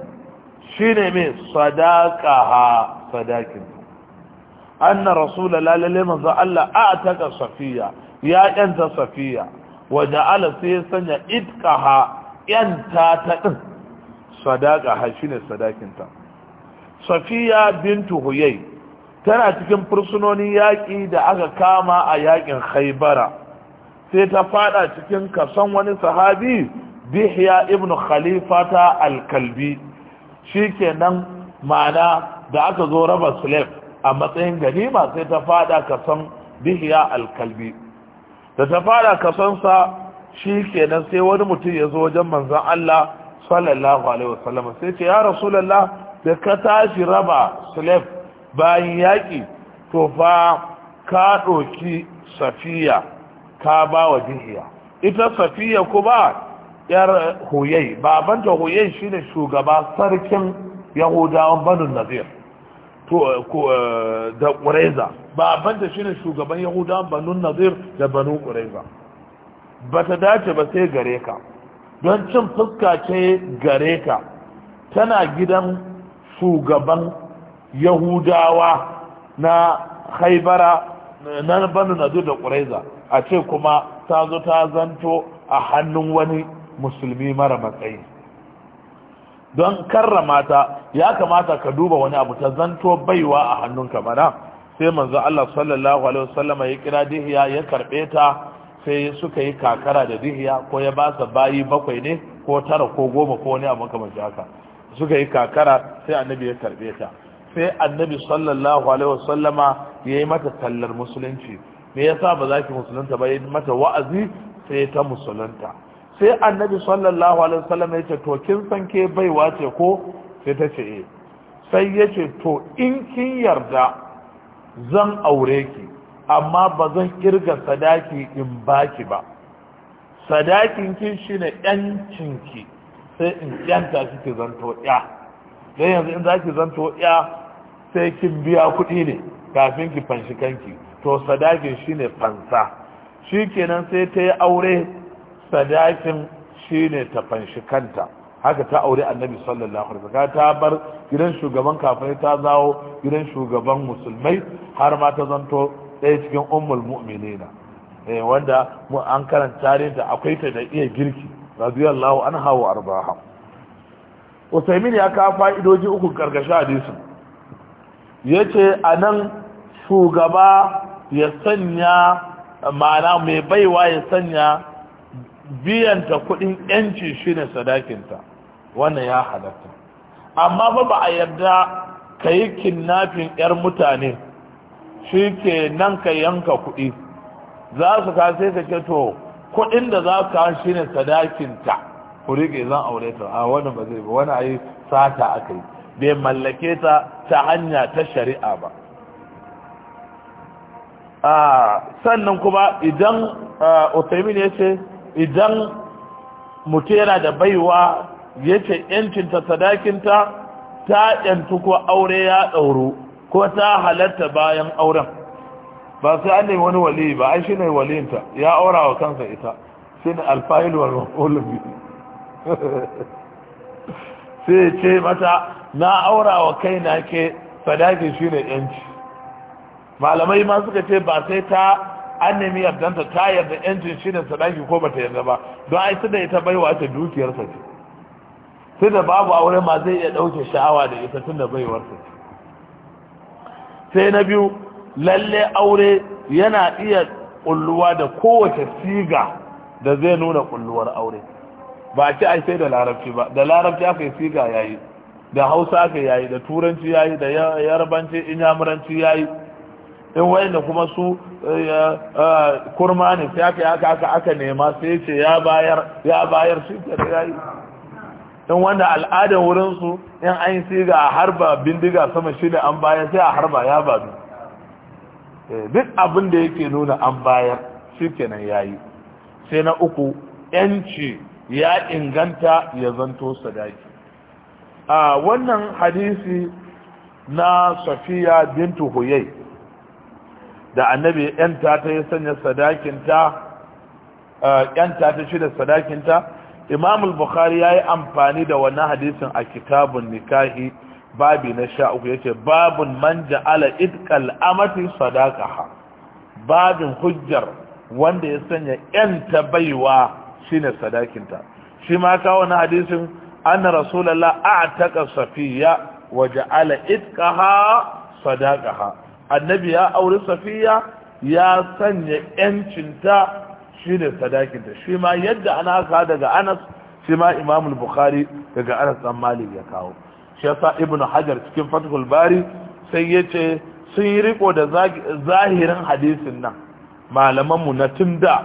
shine mai sadaqaha sadaqin anna rasulullahi lalle manzo Allah a'taka safiya ya ta safiya wa ja'ala sai ya sanya itqaha ƴanta ta din sadaka ha shine sadakinta safiya bintu huyai tana cikin fursunonin yaƙi da aka kama a yaƙin haibara sai ta fada cikin kasan wani sahabi bihya ibn khalifata al-kalbi shikenan ma'ana da aka zo raba slave a matsayin ganima sai ta fada kasan bihya al-kalbi da ta fara kasansa shi kenan sai wani mutum ya zo wajen manzan Allah sallallahu alaihi wasallam sai ce ya rasulullah da ka tashi raba slave bayan yaƙi to fa ka ɗoki safiya ka ba wa jihiya ita safiya ba yar huyai babanta huyai shine shugaba sarkin yahudawan banu nazir to eh, da ƙureza baban ta shine shugaban yahuda banu nazir da banu Ba ta dace ba sai gare ka don cin fuska ce gare ka tana gidan shugaban yahudawa na haibara na banu nazir da ƙuraiza a ce kuma ta zo ta zanto a hannun wani musulmi mara matsayi don karramata, ya kamata ka duba wani abu ta zanto baiwa a hannun mana sai manzo Allah sallallahu alaihi wasallam ya kira dihiya ya karbe ta sai suka yi kakara da dihiya ko ya ba sa bayi bakwai ne ko tara ko goma ko wani abu kamar haka suka yi kakara sai annabi ya karbe ta sai annabi sallallahu alaihi wasallama ya yi mata tallar musulunci me yasa ba za ki musulunta ba ya yi mata wa'azi sai ta musulunta sai annabi sallallahu alaihi wasallam ya ce to kin san ke baiwa ce ko sai ta ce eh sai ya ce to in kin yarda zan aure ki amma ba zan kirga sadaki in baki ba sadakin ki shine yancin ki sai in yanta shi ki zanto ya dan yanzu in zaki zanto ya sai kin biya kuɗi ne kafin ki fanshi kanki to sadakin shine fansa shikenan sai ta yi aure sadakin shine ta fanshi kanta haka ta aure annabi sallallahu alaihi wasallam ta bar gidan shugaban kafirai ta zawo gidan shugaban musulmai har ma ta zanto ɗaya cikin ummul mu'minina eh wanda mu an karanta da akwai ta da iya girki radiyallahu anha wa arbaha Usaimin ya ka fa'idoji uku karkashin hadisi yace anan shugaba ya sanya ma'ana mai baiwa ya sanya biyanta kuɗin yanci shine sadakinta wannan ya halatta amma ba ba a yarda ka yi kinnafin 'yar mutane shi ke nan ka yanka kuɗi za su ka sai ka ce to kuɗin da za ka shi ne sadakinta ku rike zan aure ta a wani ba zai ba wani a sata aka yi bai mallake ta ta hanya ta shari'a ba sannan kuma idan otaimin ya ce idan mutu yana da baiwa yace yancin ta sadakin ta ta yantu ko aure ya dauro ko ta halatta bayan auren ba sai an ne wani wali ba ai shine walinta ya aura wa kansa ita shine alfa'il wal maf'ul bihi sai ce mata na aura wa kaina ke sadakin shine yanci malamai ma suka ce ba sai ta an nemi yardanta ta yarda yancin shi ne sadaki ko bata yarda ba don ai da ita baiwa ta dukiyarsa ce sai da babu aure ma zai iya ɗauke sha'awa da ita da baiwar ta sai na biyu lalle aure yana iya kulluwa da kowace siga da zai nuna kulluwar aure ba ci ai sai da larabci ba da larabci aka yi siga yayi da hausa aka yayi da turanci yayi da yarbanci inyamuranci yayi in wayanda kuma su eh, eh, kurma ne sai aka aka nema sai ce ya bayar ya bayar shi yayi don wanda al'adar wurinsu in an yi ga a harba bindiga sama shida an bayar sai a harba ya ba badu eh, duk abin da yake nuna an bayar shi kenan ya yi sai na uku yanci ya inganta ya zanto sadaki a wannan hadisi na safiya bintu huyai da annabi yanta ta yi sanya sadakinta eh, yanta ta shi shida sadakinta imam al-bukhari yi amfani da wannan hadisin a kitabun nikahi babi na 13 yace babun man ja'ala idqal amati sadaqaha babin hujjar wanda ya sanya yanta baiwa shine sadakinta shi ma ka wannan hadisin anna rasulullah a'taqa safiya wa ja'ala idqaha sadaqaha annabi ya aure safiya ya sanya yancinta shi ne sadakinta shi ma yadda ana ka daga anas shi ma imamul bukhari daga anas dan malik ya kawo shi yasa ibn hajar cikin fathul bari sai ya ce sun yi riko da zahirin hadisin nan malamanmu na tunda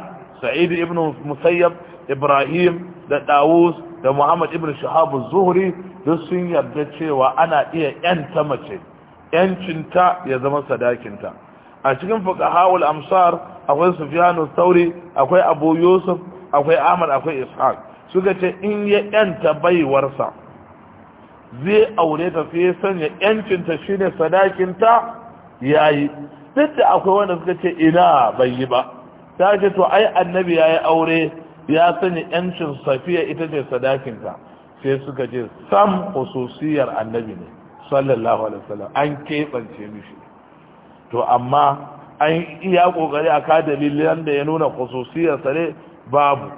sa'id ibn musayyab ibrahim da dawus da muhammad ibn shahab zuhri duk sun yarda cewa ana iya yanta mace yancinta ya zama sadakinta a cikin fuqaha amsar akwai sufyanu sauri akwai abu yusuf akwai ahmad akwai ishaq suka ce in ya yanta baiwarsa zai aure ta sai ya sanya yancinta shine sadakinta yayi duk da akwai wanda suka ce ina bai yi ba ta ce to ai annabi yayi aure ya sanya yancin safiya ita ce sadakinta sai suka ce sam hususiyar annabi ne sallallahu alaihi wasallam an keɓance mishi to amma an iya kokari a kada da ya nuna khususiyar sare babu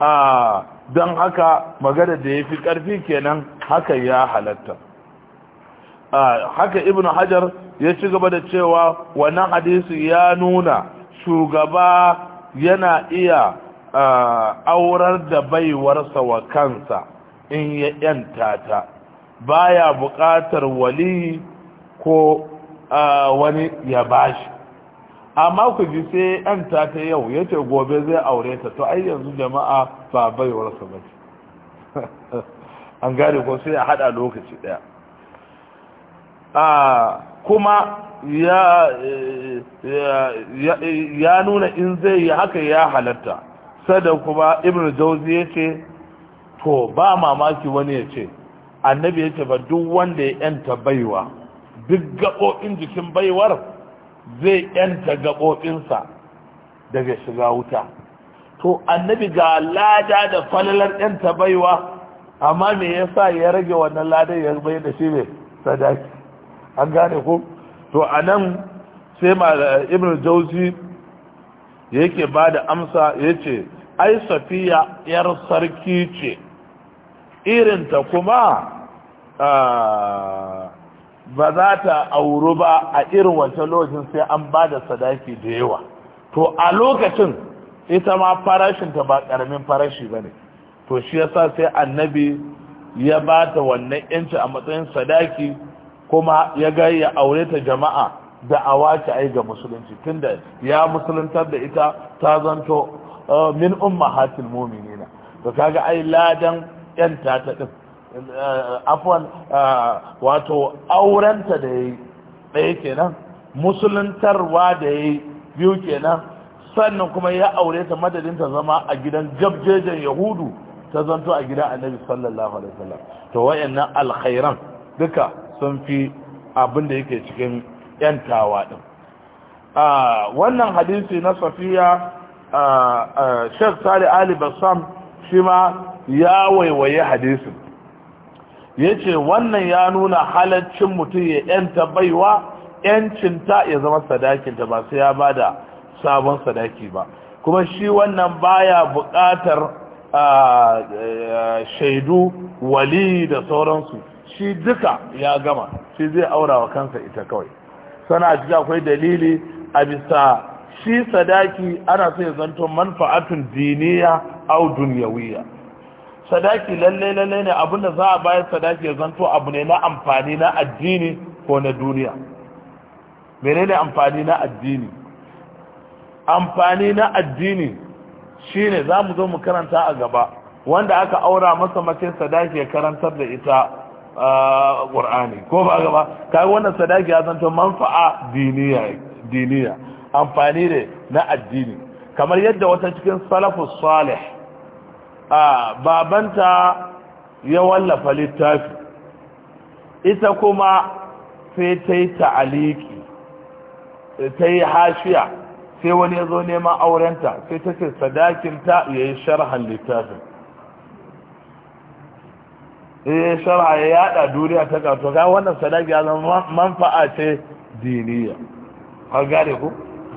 a don haka magana da ya fi karfi kenan haka ya halatta haka ibn hajar ya ci gaba da cewa wannan hadisi ya nuna shugaba yana iya aurar da baiwarsa wa kansa in ya yanta ta baya buƙatar wali ko wani ya bashi amma ku ji sai yan ta ta yau ya ce gobe zai aure ta to ai yanzu jama'a ba baiwar sa ba an gane ko sai a hada lokaci daya kuma ya nuna in zai yi haka ya halatta sada kuma ibn jauzi ya ce to ba mamaki wani ya ce annabi ya ce ba duk wanda ya yanta baiwa duk in jikin baiwar zai yanta gaɓoɓinsa daga shiga wuta to annabi ga lada da falalar yanta baiwa amma me yasa ya rage wannan ladan ya bai da shi ne sadaki an gane ku. to anan sai ma ibn jauzi yake ba da amsa ya ce ai safiya yar sarki ce irinta kuma ah, ba za ta auru ba a irin wancan lokacin sai an ba da sadaki da yawa to a lokacin ita ma farashinta ba ƙaramin farashi ba ne to shi yasa sai annabi ya ba ta wannan yanci a matsayin sadaki kuma ya ga ya aure ta jama'a da awaci ai ga musulunci tunda ya musuluntar da ita ta zanto oh, min ummahatil mu'minina to kaga ai ladan yanta ta din Eh, afwan eh, wato aurenta da yi ɗaya kenan musuluntarwa da yayi biyu nan sannan kuma ya aure ta madadin ta zama a gidan gabjejen yahudu ta zanto a gidan annabi sallallahu alaihi wasallam to wayannan alkhairan duka sun fi abin da yake cikin yan tawa din ah, wannan hadisi na safiya ah, ah, shek Sali Ali Bassam shi ma ya waiwaye hadisin ya ce wannan ya nuna halaccin mutum ya yanta baiwa yancin ta ya zama sadakinta ba sai ya ba da sabon sadaki ba kuma shi wannan baya buƙatar shaidu wali da sauransu shi duka ya gama shi zai aura wa kansa ita kawai sana ji akwai dalili a bisa shi sadaki ana sai zanto manfa'atun diniya au dunyawiya sadaki lalle lalle ne abin da za a bayar sadaki ya zanto abu ne na amfani na addini ko na duniya menene amfani na addini amfani na addini shine za mu zo mu karanta a gaba wanda aka aura masa mace sadaki ya karantar da ita ƙur'ani ko ba gaba kai wannan sadaki ya zanto manfa'a diniya diniya amfani ne na addini kamar yadda wata cikin salafus salih a babanta ya wallafa littafi ita kuma sai ta yi ta'aliki ta yi hashiya sai wani ya zo neman aurenta sai ta ce sadakinta ya yi sharhan littafin ya eh, yi sharha ya yada duniya ta kato ga wannan sadaki ya zama manfa'a ce diniya har gane ku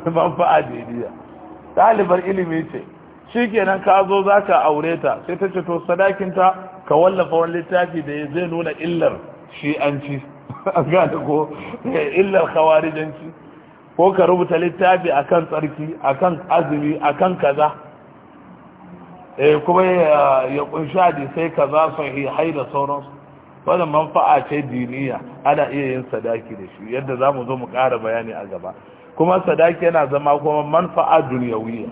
manfa'a diniya ɗalibar ilimi ce shikenan ka zo za ka aure ta sai ta ce to sadakinta ka wallafa wani littafi da zai nuna illar shi'anci an ko illar khawarijanci ko ka rubuta littafi akan tsarki akan azumi akan kaza eh kuma ya kunshi hadisai kaza sahihai da sauransu wanda manfa'a ce diniya ana iya yin sadaki da shi yadda za mu zo mu ƙara bayani a gaba kuma sadaki yana zama kuma manfa'a duniyawiya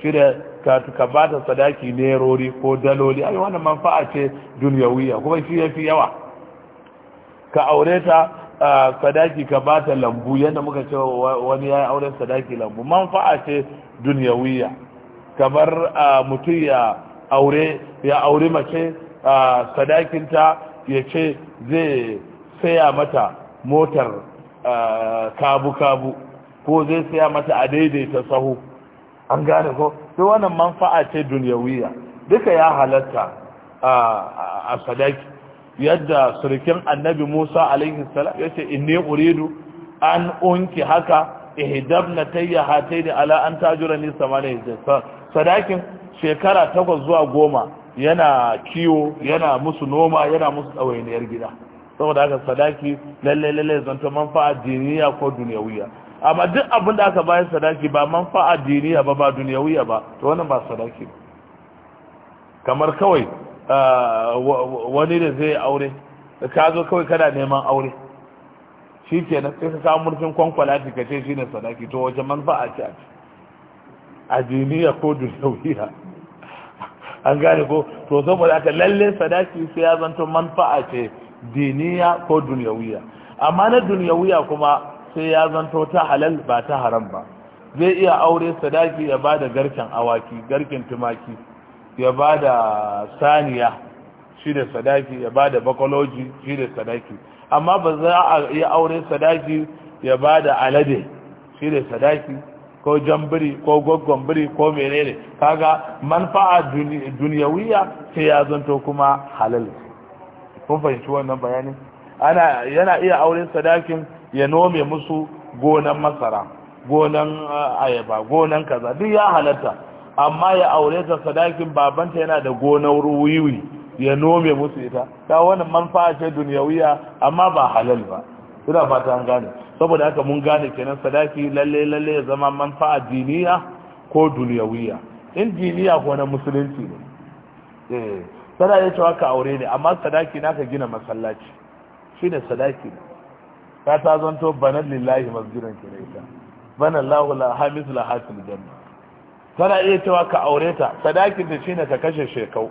shi da ka ba ta sadaki nerori ko daloli ai wannan manfa'a ce duniyawiya kuma shi ya fi yawa ka aure ta sadaki ka ba ta lambu yadda muka ce wani ya aure sadaki lambu manfa'a ce duniyawiya kamar mutum ya aure ya aure mace ta ya ce zai saya mata motar kabu-kabu ko zai saya mata a daidaita sahu an gane ko sai wannan manfa'a ce duniyawiya duka ya halatta a sadaki yadda surkin annabi Musa alaihi salam yace inni uridu an unki haka ihdabna da ala an ni samaniya jasa sadakin shekara takwas zuwa goma yana kiwo yana musu noma yana musu tsawainiyar gida saboda haka sadaki lalle lalle zanto manfa'a diniya ko duniyawiya amma duk abin da aka bayar sadaki ba manfa'a diniya ba ba duniyawiya ba to wannan ba sadaki ba kamar kawai wani da zai aure ka zo kawai kana neman aure shi ke na sai ka samu murfin kwankwala ka kace shi ne sadaki to wajen manfa'a ce a ce a duniya ko duniyawiya an gane ko to saboda aka lalle sadaki sai ya zanto manfa'a ce diniya ko duniyawiya amma na duniyawiya kuma sai ya zanto ta halal ba ta haram ba zai iya aure sadaki ya bada garken awaki garken tumaki ya bada saniya shi da sadaki ya bada bakoloji shi da sadaki amma ba za a iya aure sadaki ya bada alade shi da sadaki ko jambiri ko goggon biri ko menene kaga manfa'a duniyawiya sai ya zanto kuma halal kun fahimci wannan bayanin ana yana iya auren sadakin ya nome musu gonan masara gonan uh, ayaba gonan kaza duk ya halatta amma ya aure ta sadakin babanta yana da gonar wiwi ya nome musu ita ta wani manfa'a ce duniyawiya amma ba halal ba ina fata an gane saboda haka mun gane kenan sadaki lalle lalle ya zama manfa'a diniya ko duniyawiya in diniya ko na musulunci ne eh sadaki cewa ka aure ne amma sadaki naka gina masallaci shine sadaki ne ka ta zanto banan lillahi masjidan kiraita ita banan lahu la hamis la hasil janna tana iya cewa ka aure ta sadakin da shine ka kashe shekau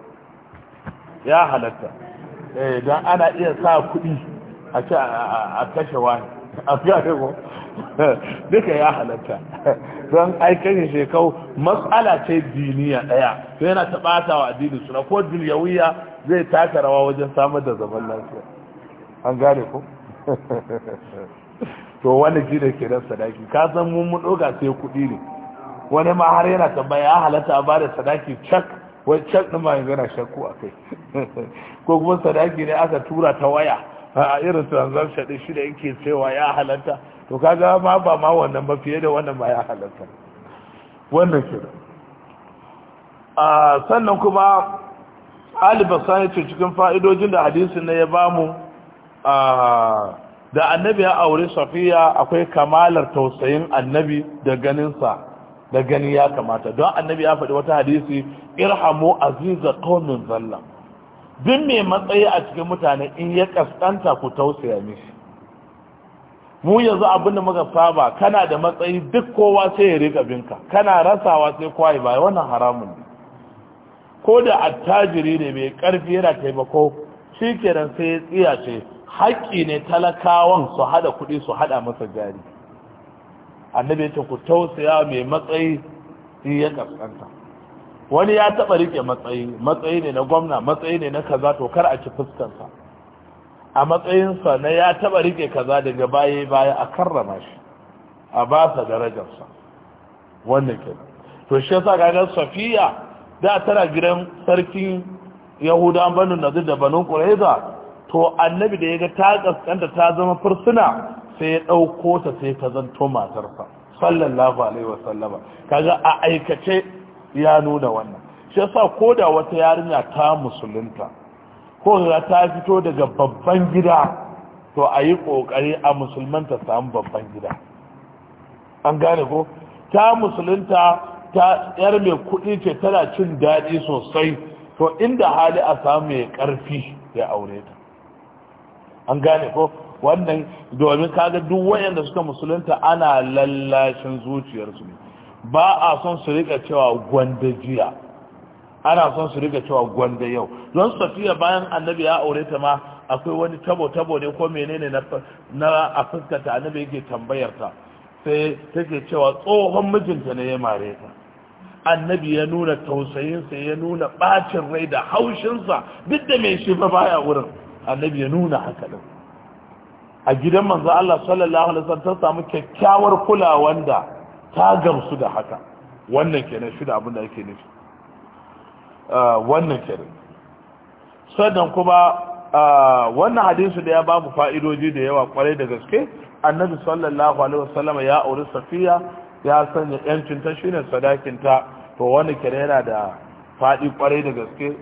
ya halatta eh dan ana iya sa kuɗi a ce a kashe wani a fiya ko duka ya halatta don kashe shekau mas'ala ce diniya daya to yana ta bata wa addini suna ko dilyawiya zai taka rawa wajen samar da zaman lafiya an gane ko to wani jina ke nan sadaki ka san mun ɗoga sai kuɗi ne wani ma har yana tambaya ya halatta a bada sadaki cak wani cak ɗin ma yana shakku a kai ko kuma sadaki ne aka tura ta waya a irin transaction ɗin shi da yake cewa ya halatta to kaga ma ba ma wannan ba fiye da wannan ma ya halatta wannan ke sannan kuma alibasa ya ce cikin fa'idojin da hadisin ne ya bamu Ah, da annabi ya aure safiya akwai kamalar tausayin annabi da ganinsa da gani ya kamata don annabi ya faɗi wata hadisi irhamu aziza qaumin zalla Bin mai matsayi a cikin mutane in ya kaskanta ku tausaya mishi mu yanzu abin da muka saba kana da matsayi duk kowa sai ya rika binka kana rasawa sai kwai bai wannan haramun ne ko da attajiri ne mai karfi yana taimako shi sai ya tsiya ce haƙƙi ne talakawan su hada kuɗi su hada masa jari annabi ta ku tausaya mai matsayi sai ya kaskanta wani ya taɓa riƙe matsayi matsayi ne na gwamna matsayi ne na kaza to kar a ci fuskansa a matsayinsa na ya taɓa riƙe kaza daga baya baya a karrama shi a ba sa darajarsa wannan ke to shi yasa ga safiya da tana gidan sarkin yahudan banu nazir da banu qurayza to annabi da ya ga ta gaskanta ta zama fursuna sai ya ɗauko ta sai ta zanto matarsa sallallahu alaihi wasallama kaga a aikace ya nuna wannan shi yasa koda wata yarinya ta musulunta ko ga ta fito daga babban gida to a yi kokari a musulmanta samu babban gida an gane ko ta musulunta ta yar mai kuɗi ce tana cin daɗi sosai to inda hali a samu mai ƙarfi ya aure ta an gane ko wannan domin kaga duk wayanda suka musulunta ana lallashin zuciyarsu ne ba a son su rika cewa gwanda jiya ana son su rika cewa gwanda yau don safiya bayan annabi ya aure ta ma akwai wani tabo tabo ne ko menene na na a fuskata annabi yake tambayar ta sai take cewa tsohon mijinta ne ya mare ta annabi ya nuna tausayinsa ya nuna bacin rai da haushinsa duk da mai shi ba baya wurin annabi ya nuna haka ɗin a gidan manzo Allah sallallahu alaihi wasallam ta samu kyakkyawar kulawa da ta gamsu da haka wannan kenan shi da abin da yake nufi ah, wannan kenan sannan kuma ah, wannan hadisi da ya babu fa'idoji da yawa kwarai da gaske annabi sallallahu alaihi wasallam ya auri safiya ya sanya yancin ta shine sadakin ta to wannan kenan yana da fadi kwarai da gaske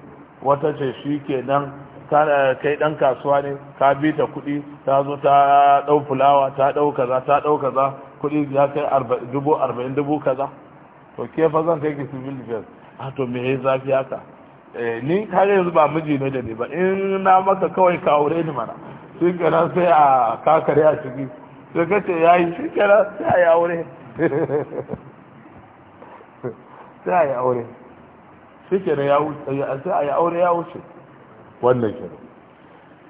wata ce shi kenan kai dan kasuwa ne ka bi ta kudi ta zo ta dau fulawa ta dau kaza ta dau kaza kudi ya kai dubu arba'in dubu kaza to ke fa zan kai ki civil defense a to me ya zafi haka eh, ni kare yanzu ba miji ne da ni ba in na maka kawai ka aure ni mana shi kenan sai a kakare a ciki sai ka ce ya yi shi kenan sai a yi aure sai a yi aure shi kenan ya wuce sai a yi aure ya wuce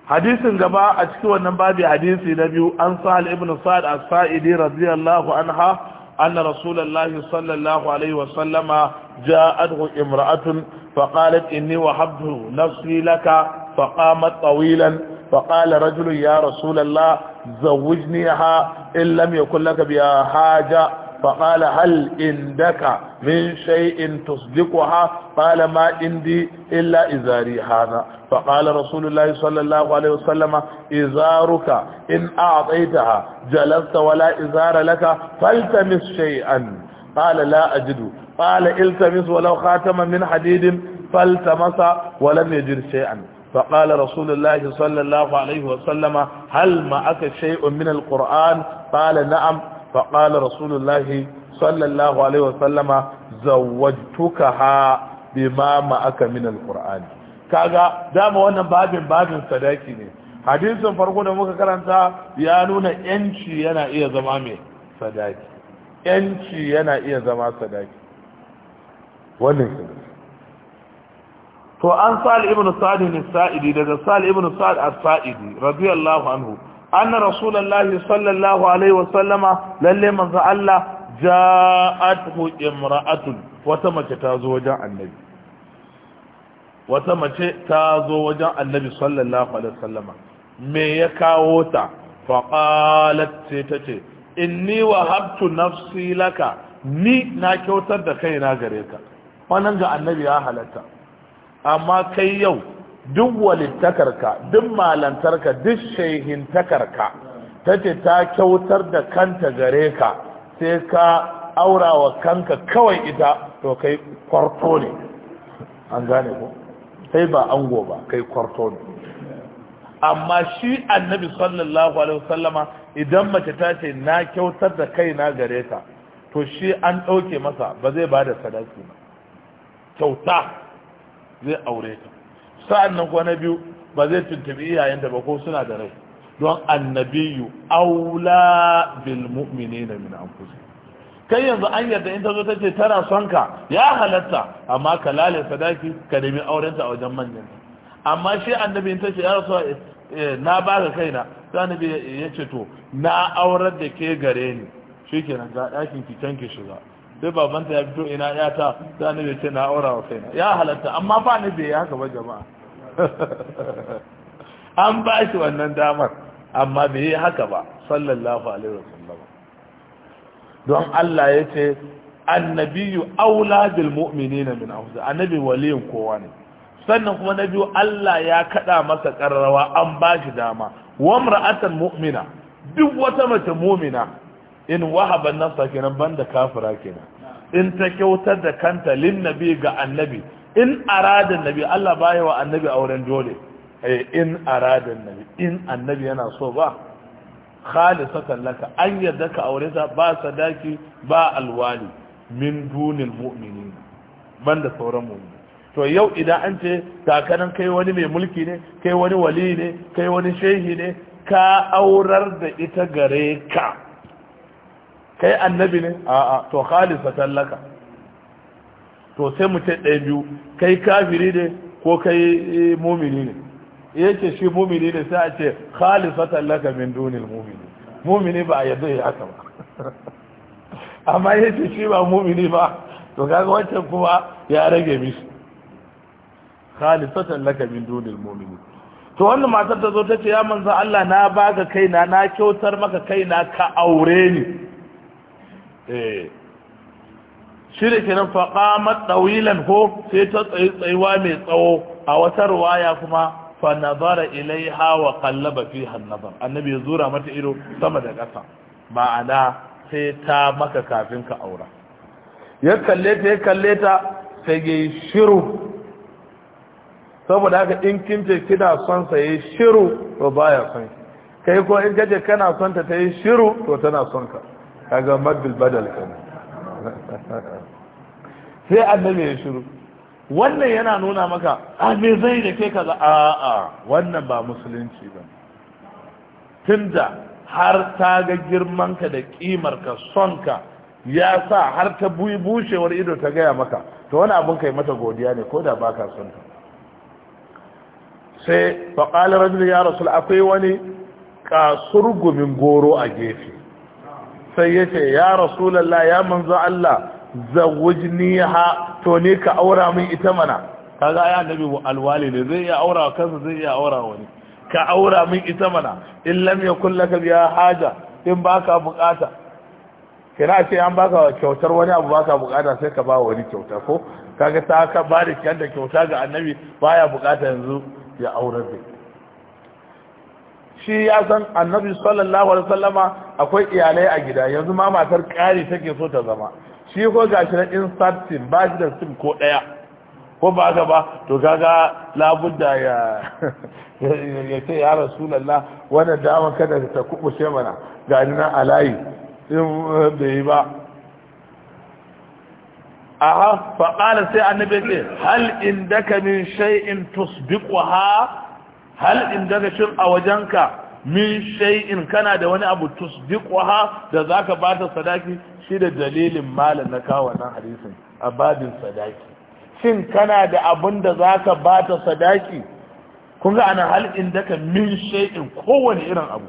hadisin gaba a cikin wannan babi hadisi na biyu an sa'al ibn sa'ad as-sa'idi radiyallahu anha anna rasulullahi sallallahu alaihi wa sallama ja'at imra'atun fa qalat inni wahabtu nafsi laka fa qamat tawilan fa qala ya rasulullah zawwijniha in lam yakul laka haja فقال هل عندك من شيء تصدقها قال ما عندي إلا إزاري هذا فقال رسول الله صلى الله عليه وسلم إزارك إن أعطيتها جلست ولا إزار لك فالتمس شيئا قال لا أجد قال التمس ولو خاتما من حديد فالتمس ولم يجد شيئا فقال رسول الله صلى الله عليه وسلم هل معك شيء من القرآن قال نعم فقال رسول الله صلى الله عليه وسلم زوجتكها بما معك من القرآن kaga dama wannan babin babin sadaki ne hadisin farko da muka karanta ya nuna yanci yana iya zama mai sadaki yanci yana iya zama sadaki wannan shi to an sa'al ibn sa'id ne sa'idi daga sa'al ibn sa'id as-sa'idi radiyallahu anhu anna rasulullahi sallallahu alaihi wasallama lalle manzo Allah ja'athu imra'atun wata mace ta zo wajen annabi wata mace ta zo wajen annabi sallallahu alaihi wasallama me ya kawo ta fa qalat sai ta ce inni wahabtu nafsi laka ni na kyautar da kaina gare ka wannan ga annabi ya halatta amma kai yau duk walittakarka duk malantarka duk shehintakarka ta ce ta kyautar da kanta gare ka sai ka aura wa kanka kawai ita to kai kwarto ne an gane ko sai ba an ba kai kwarto ne amma shi annabi sallallahu alaihi wasallama idan mace ta ce na kyautar da na gare ta to shi an ɗauke masa ba zai ba da sadaki ba kyauta zai aure ta sa'an nan kuwa na biyu ba zai tuntubi iyayenta ba ko suna da rai don annabiyu aula bil na min kusa. kai yanzu an yarda in ta zo ta ce tana son ka ya halatta amma ka lale sadaki ka nemi aurenta a wajen manyan amma shi annabi ta ce ya rasu eh, eh, na ba ka kaina sai annabi ya ce to na aurar da ke gare ni shikenan ga ɗakin ki can ki shiga sai babanta ya fito ina yata sai annabi ya ce na aura wa kaina ya halatta amma ba ni bai haka ba jama'a an ba shi wannan damar amma bai yi haka ba sallallahu alaihi wasallam don Allah ya ce annabiyu aula bil mu'minina min anfusihim annabi waliyin kowa ne sannan kuma na biyu Allah ya kada masa karrawa an ba shi dama wa mar'atan mu'mina duk wata mace mu'mina in wahaba nafsa kenan banda kafira kenan in ta kyautar da kanta lin nabi ga annabi in aradin nabi Allah baya wa annabi auren dole eh, in aradin nabi in annabi yana so ba khalisatan laka an yarda ka aure ta ba sadaki ba alwali min dunil mu'minin banda sauran mu'mini to yau idan an ce takanan kai wani mai mulki ne kai wani wali ne kai wani shehi ne ka aurar da ita gare ka kai annabi ne a'a to khalisatan laka to sai mu ce ɗaya biyu kai kafiri ne ko kai eh, mumini ne eh, yake shi mumini ne sai a ce khalifatan laka min dunil mumini mumini ba a yadda ya haka ba amma yake shi ba mumini ba to kaga wancan kuma ya rage mishi khalisatan laka min dunil mumini to wani matar ta zo ta ce ya manzo Allah na baka kaina na kyautar maka kaina ka aure ni eh shirya da kenan faƙamar ɗawilan ko sai ta tsayi tsayuwa mai tsawo a wata ruwaya kuma fa nazara ilaiha wa qallaba an-nazar annabi ya zura mata ido sama da ƙasa ma'ana sai ta maka kafin ka aura ya kalle ta ya kalle ta sai ya shiru saboda haka in kin ce kina son sa ya shiru to baya son kai ko in kace kana son ta ta yi shiru to tana son ka kaga madbil badal kana sai annabi ya shiru wannan yana nuna maka a ah, me zai da ke kaza a a wannan ba musulunci ba tun da har ta ga girmanka da kimarka sonka ya sa har ta bushewar ido ta gaya maka to wani abun kai mata godiya ne ko da baka son ta sai faƙalar rajul ya rasu akwai wani kasurgumin goro a gefe sai ya ce ya rasulallah ya manzo Allah zawujniha to ne ka aura min ita mana kaga ya annabi alwali ne zai iya aura kansa zai iya aura wani ka aura min ita mana in lam yakul laka biya haja in baka bukata kina ce an baka kyautar wani abu baka bukata sai ka ba wani kyauta ko kaga ta ka ba da kyanda kyauta ga annabi baya bukata yanzu ya aurar da shi ya san annabi sallallahu alaihi wasallama akwai iyalai a gida yanzu ma matar kari take so ta zama shi ko shi na insert sim ba shi da sim ko ɗaya ko ba ga ba to kaga labudda ya ya ce ya rasulullah wannan dama kada ta kubu kubuce mana gani na alayi in eh, bai ba aha fa qala sai annabi ce hal indaka min shay'in tusbiquha hal indaka shin a wajenka min shay'in kana da wani abu tusdiquha da zaka ta sadaki shi da dalilin malan na kawo nan hadisin abadin sadaki shin kana da abun da zaka ta sadaki kun ga ana hal indaka min shay'in kowane irin abu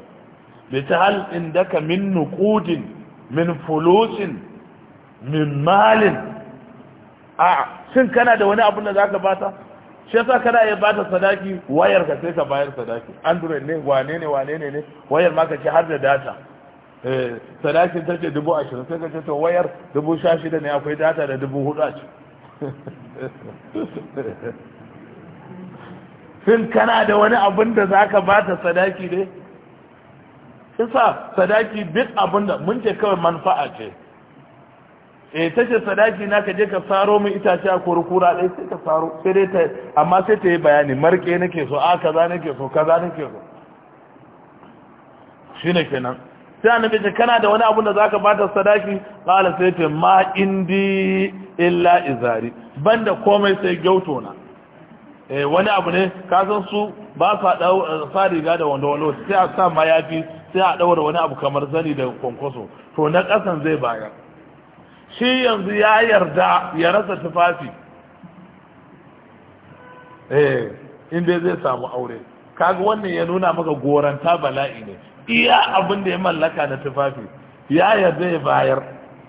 bai ta hal indaka min nuqudin min fulusin min malin a shin kana da wani abun da zaka ta? shi yasa kana iya bata sadaki wayar ka sai ka bayar sadaki android ne wane ne wane ne ne wayar ma ka ce har da data eh, sadakin ta ce dubu ashirin sai ka ce to wayar dubu sha shida ne akwai data da dubu hudu a ci kana da wani abin da za ka bata sadaki ne isa sadaki duk abin da mun ce kawai manfa'a ce eh tace sadaki na ka je ka saro min itace a kurkura dai sai ka saro sai dai ta amma sai ta yi bayani marke nake so a kaza nake so kaza nake so shine kenan sai annabi ce kana da wani abu da zaka bata sadaki qala sai ta ma indi illa izari banda komai sai gauto na eh wani abu ne ka san su ba sa dau fari riga da wanda wando sai a sa mayafi sai a daura wani abu kamar zani da kwankwaso to na kasan zai bayar shi yanzu ya yarda ya rasa tufafi eh inda zai samu aure kaga wannan ya nuna maka goranta bala'i ne iya abin da ya mallaka na tufafi ya yarda ya bayar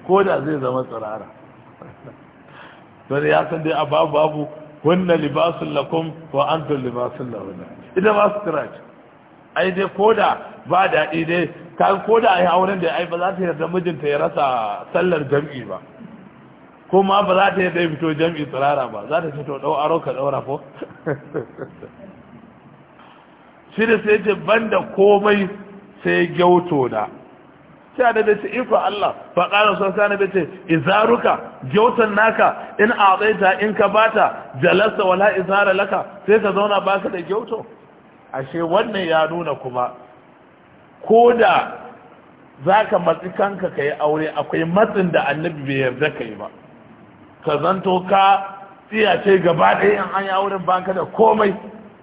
ko da zai zama tsirara don ya san dai a babu babu wannan libasun lakum wa antum libasun lahunna ita ba su ai dai koda ba daɗi dai ka koda ai auren da ai ba za ta yarda mijinta ya rasa sallar jam'i ba ko ma ba za ta yarda fito jam'i tsirara ba za ta fito ɗau aro ka ɗaura ko shi da sai ce banda komai sai gyauto da sai da ce iko Allah fa qala sun sana bace izaruka gyautan naka in a'taita in ka bata jalasta wala izara laka sai ka zauna baka da gyauto ashe wannan ya nuna kuma ko da za ka matsi kanka ka yi aure akwai matsin da annabi bai yarda ka yi ba ka zanto ka tsiyace gaba ɗaya in an yi auren ka da komai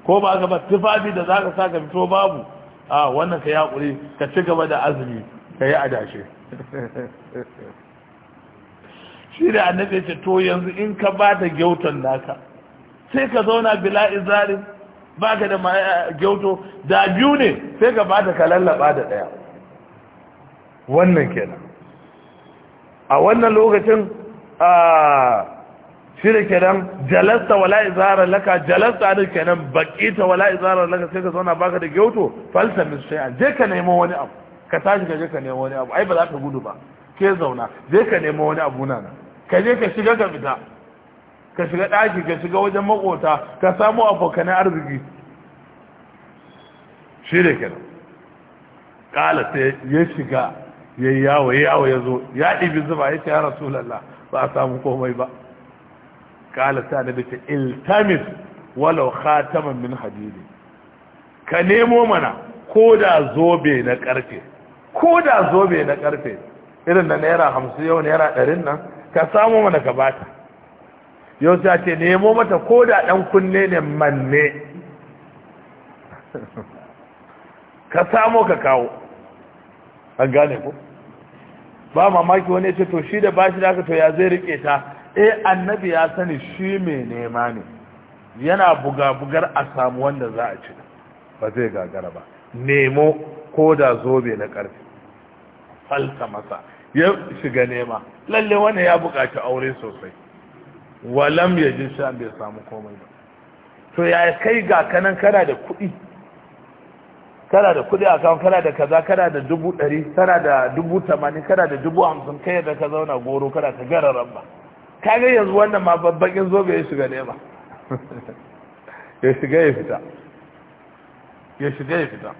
ko ba gaba tufafi da za ka sa ka fito babu a wannan ka yi haƙuri ka ci gaba da azumi ka yi adashe shi da annabi ce to yanzu in ka ba ta gyautan naka sai ka zauna bila izarin ba ka da eh, gyauto da biyu ne sai ka bata ka lallaba da ɗaya wannan kenan a wannan lokacin a da kenan jalasta wala izara laka jalasta da kenan bakita wala izara laka sai ka zauna baka da gyauto falsamin shay'an je ka nemo wani abu ka tashi ka je ka nemo wani abu ai ba za ka gudu ba ke zauna je ka nemo wani abu na ka je ka shiga ka fita ka shiga ɗaki ka shiga wajen makota ka samu abokanin arziki shi da kenan ƙala sai ya shiga ya yi yawo ya yawo ya zo ya ɗibi zuba ya ce ya rasulallah ba a samu komai ba ƙala sai da ce iltamis walau khataman min hadidi ka nemo mana ko da zobe na karfe ko da zobe na karfe irin da naira hamsin yau naira ɗarin nan ka samu mana ka bata yau sai a ce nemo mata ko da ɗan kunne ne manne ka samo ka kawo an gane ku? ba mamaki wani ce to shi da ba shi da to ya zai rike ta eh annabi ya sani shi mai nema ne yana buga-bugar a samu wanda za a ci ba zai gagara ba nemo ko da zobe na ƙarfi falsa masa ya shiga nema lalle wani ya buƙaci aure sosai walam ya ji sha bai samu komai ba to ya kai ga kanan kana da kuɗi kana da kuɗi a kan kana da kaza kana da dubu ɗari kana da dubu tamanin kana da dubu hamsin kai yadda ka zauna goro kana ka gara ramba ka ga yanzu wannan ma babbakin zobe ya shiga ba ya shiga ya fita ya shiga ya fita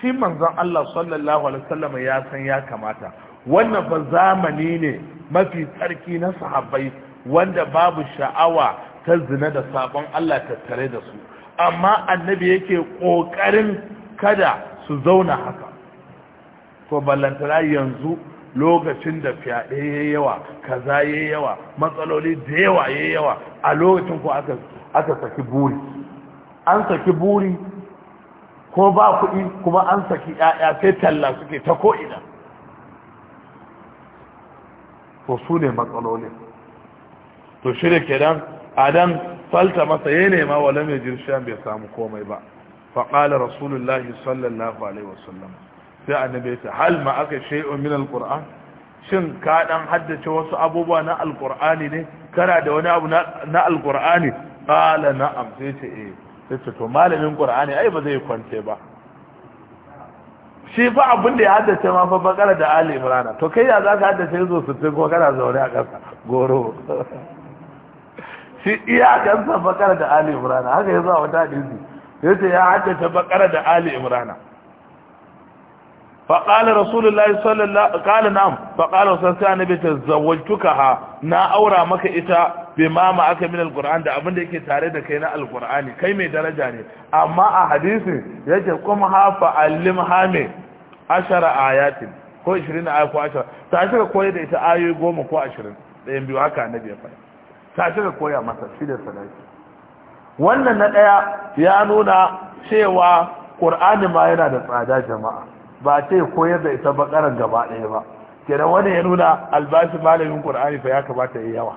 shi manzon Allah sallallahu alaihi wasallam ya san ya kamata wannan fa zamani ne mafi tsarki na sahabbai wanda babu sha'awa ta zina da sabon Allah tattare da su amma annabi yake ƙoƙarin kada su zauna haka to ballantana yanzu lokacin da fyaɗe ya yawa kaza ya yawa matsaloli da yawa ya yawa a lokacin ko aka saki buri an saki buri ko ba kuɗi kuma an saki ‘ya'ya sai talla suke ta ko'ina Ko su ne matsalolin to shirya kenan adam falta masa ya nema wa lam yajir bai samu komai ba fa qala rasulullahi sallallahu alaihi wasallam sai annabi ya hal ma aka shay'un min alquran shin ka dan haddace wasu abubuwa na alqur'ani ne kana da wani abu na alqur'ani qala na'am sai ce eh sai ce to malamin qur'ani ai ba zai kwance ba shi fa abin da ya haddace ma fa bakara da ali imrana to kai ya zaka haddace zo su ko kana zaune a ƙasa goro shi iyakansa bakara da ali Imran haka ya zuwa wata hadisi ya ce ya haddace bakara da ali fa qala rasulullahi sallallahu qala na'am faƙalar sassi annabi ta zawajtuka ha na aura maka ita bi mama aka min alquran da abinda yake tare da kai na alqurani kai mai daraja ne amma a hadisi yake kuma ha fa'allim ha me ashara ayatin ko 20 aya ko ashara ta ashara koyar da ita ayoyi goma ko 20 dayan biyu haka annabi ya faɗa ta shiga koya masa shi da sadaki wannan na ɗaya ya nuna cewa qur'ani ma yana da tsada jama'a ba ce koyar da ita bakaran gaba daya ba kenan wani ya nuna albashi malamin qur'ani fa ya kamata ya yawa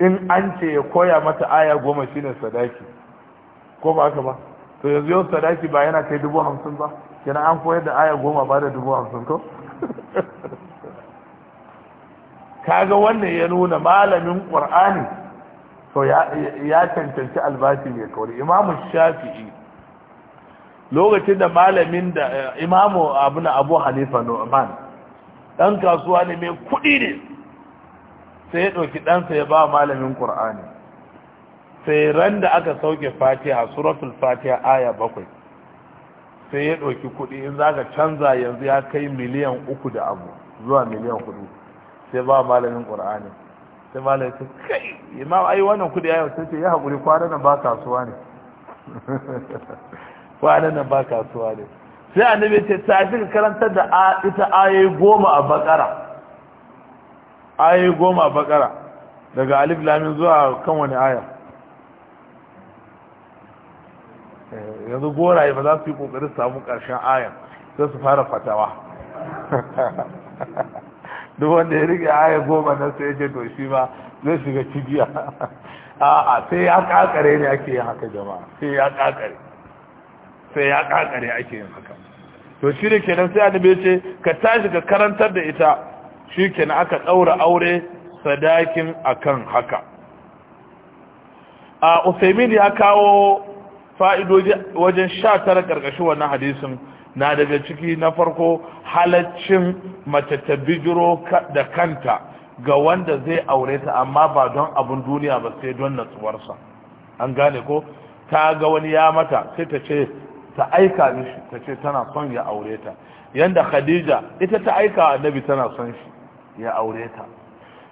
in an ce ya koya mata aya goma shine sadaki ko ba haka ba to yanzu yau sadaki ba yana kai dubu hamsin ba kenan an koyar da aya goma ba da dubu hamsin ko kaga wannan ya nuna malamin qur'ani to ya cancanci albashi mai kauri imamu shafi'i lokacin da malamin da eh, imamu abu na abu Halifa nu'man dan kasuwa ne mai kuɗi ne sai ya ɗauki ɗansa ya ba malamin qur'ani sai ran da aka sauke fatiha suratul fatiha aya bakwai sai ya ɗauki kuɗi in za ka canza yanzu ya kai miliyan uku da abu zuwa miliyan huɗu. sai ba malamin qur'ani sai malamin sai kai imam ai wannan kudi ayo sai ce ya hakuri kwana nan ba kasuwa ne kwana nan ba kasuwa ne sai annabi ce ta fi karantar da ita ayoyi goma a bakara ayoyi goma a bakara daga alif lamin zuwa kan wani aya eh, yanzu goraye ba za su yi kokarin samu karshen aya sai su fara fatawa duk wanda ya rike aya goma nan sai ce to shi ma zai shiga cibiya a'a sai ya kakare ne ake yin haka jama'a sai ya kakare sai ya kakare ake yin haka to shi ne kenan sai annabi ce ka tashi ka karantar da ita shi kenan aka daura aure sadakin akan haka a Usaimin ya kawo fa'idoji wajen sha tara karkashin wannan hadisin na daga ciki na farko halaccin mace ta bijiro da kanta ga wanda zai aure ta amma ba don abin duniya ba sai don natsuwarsa an gane ko ta ga wani ya mata sai ta ce ta aika mishi ta ce tana son ya aure ta yadda khadija ita ta aika annabi tana son shi ya aure ta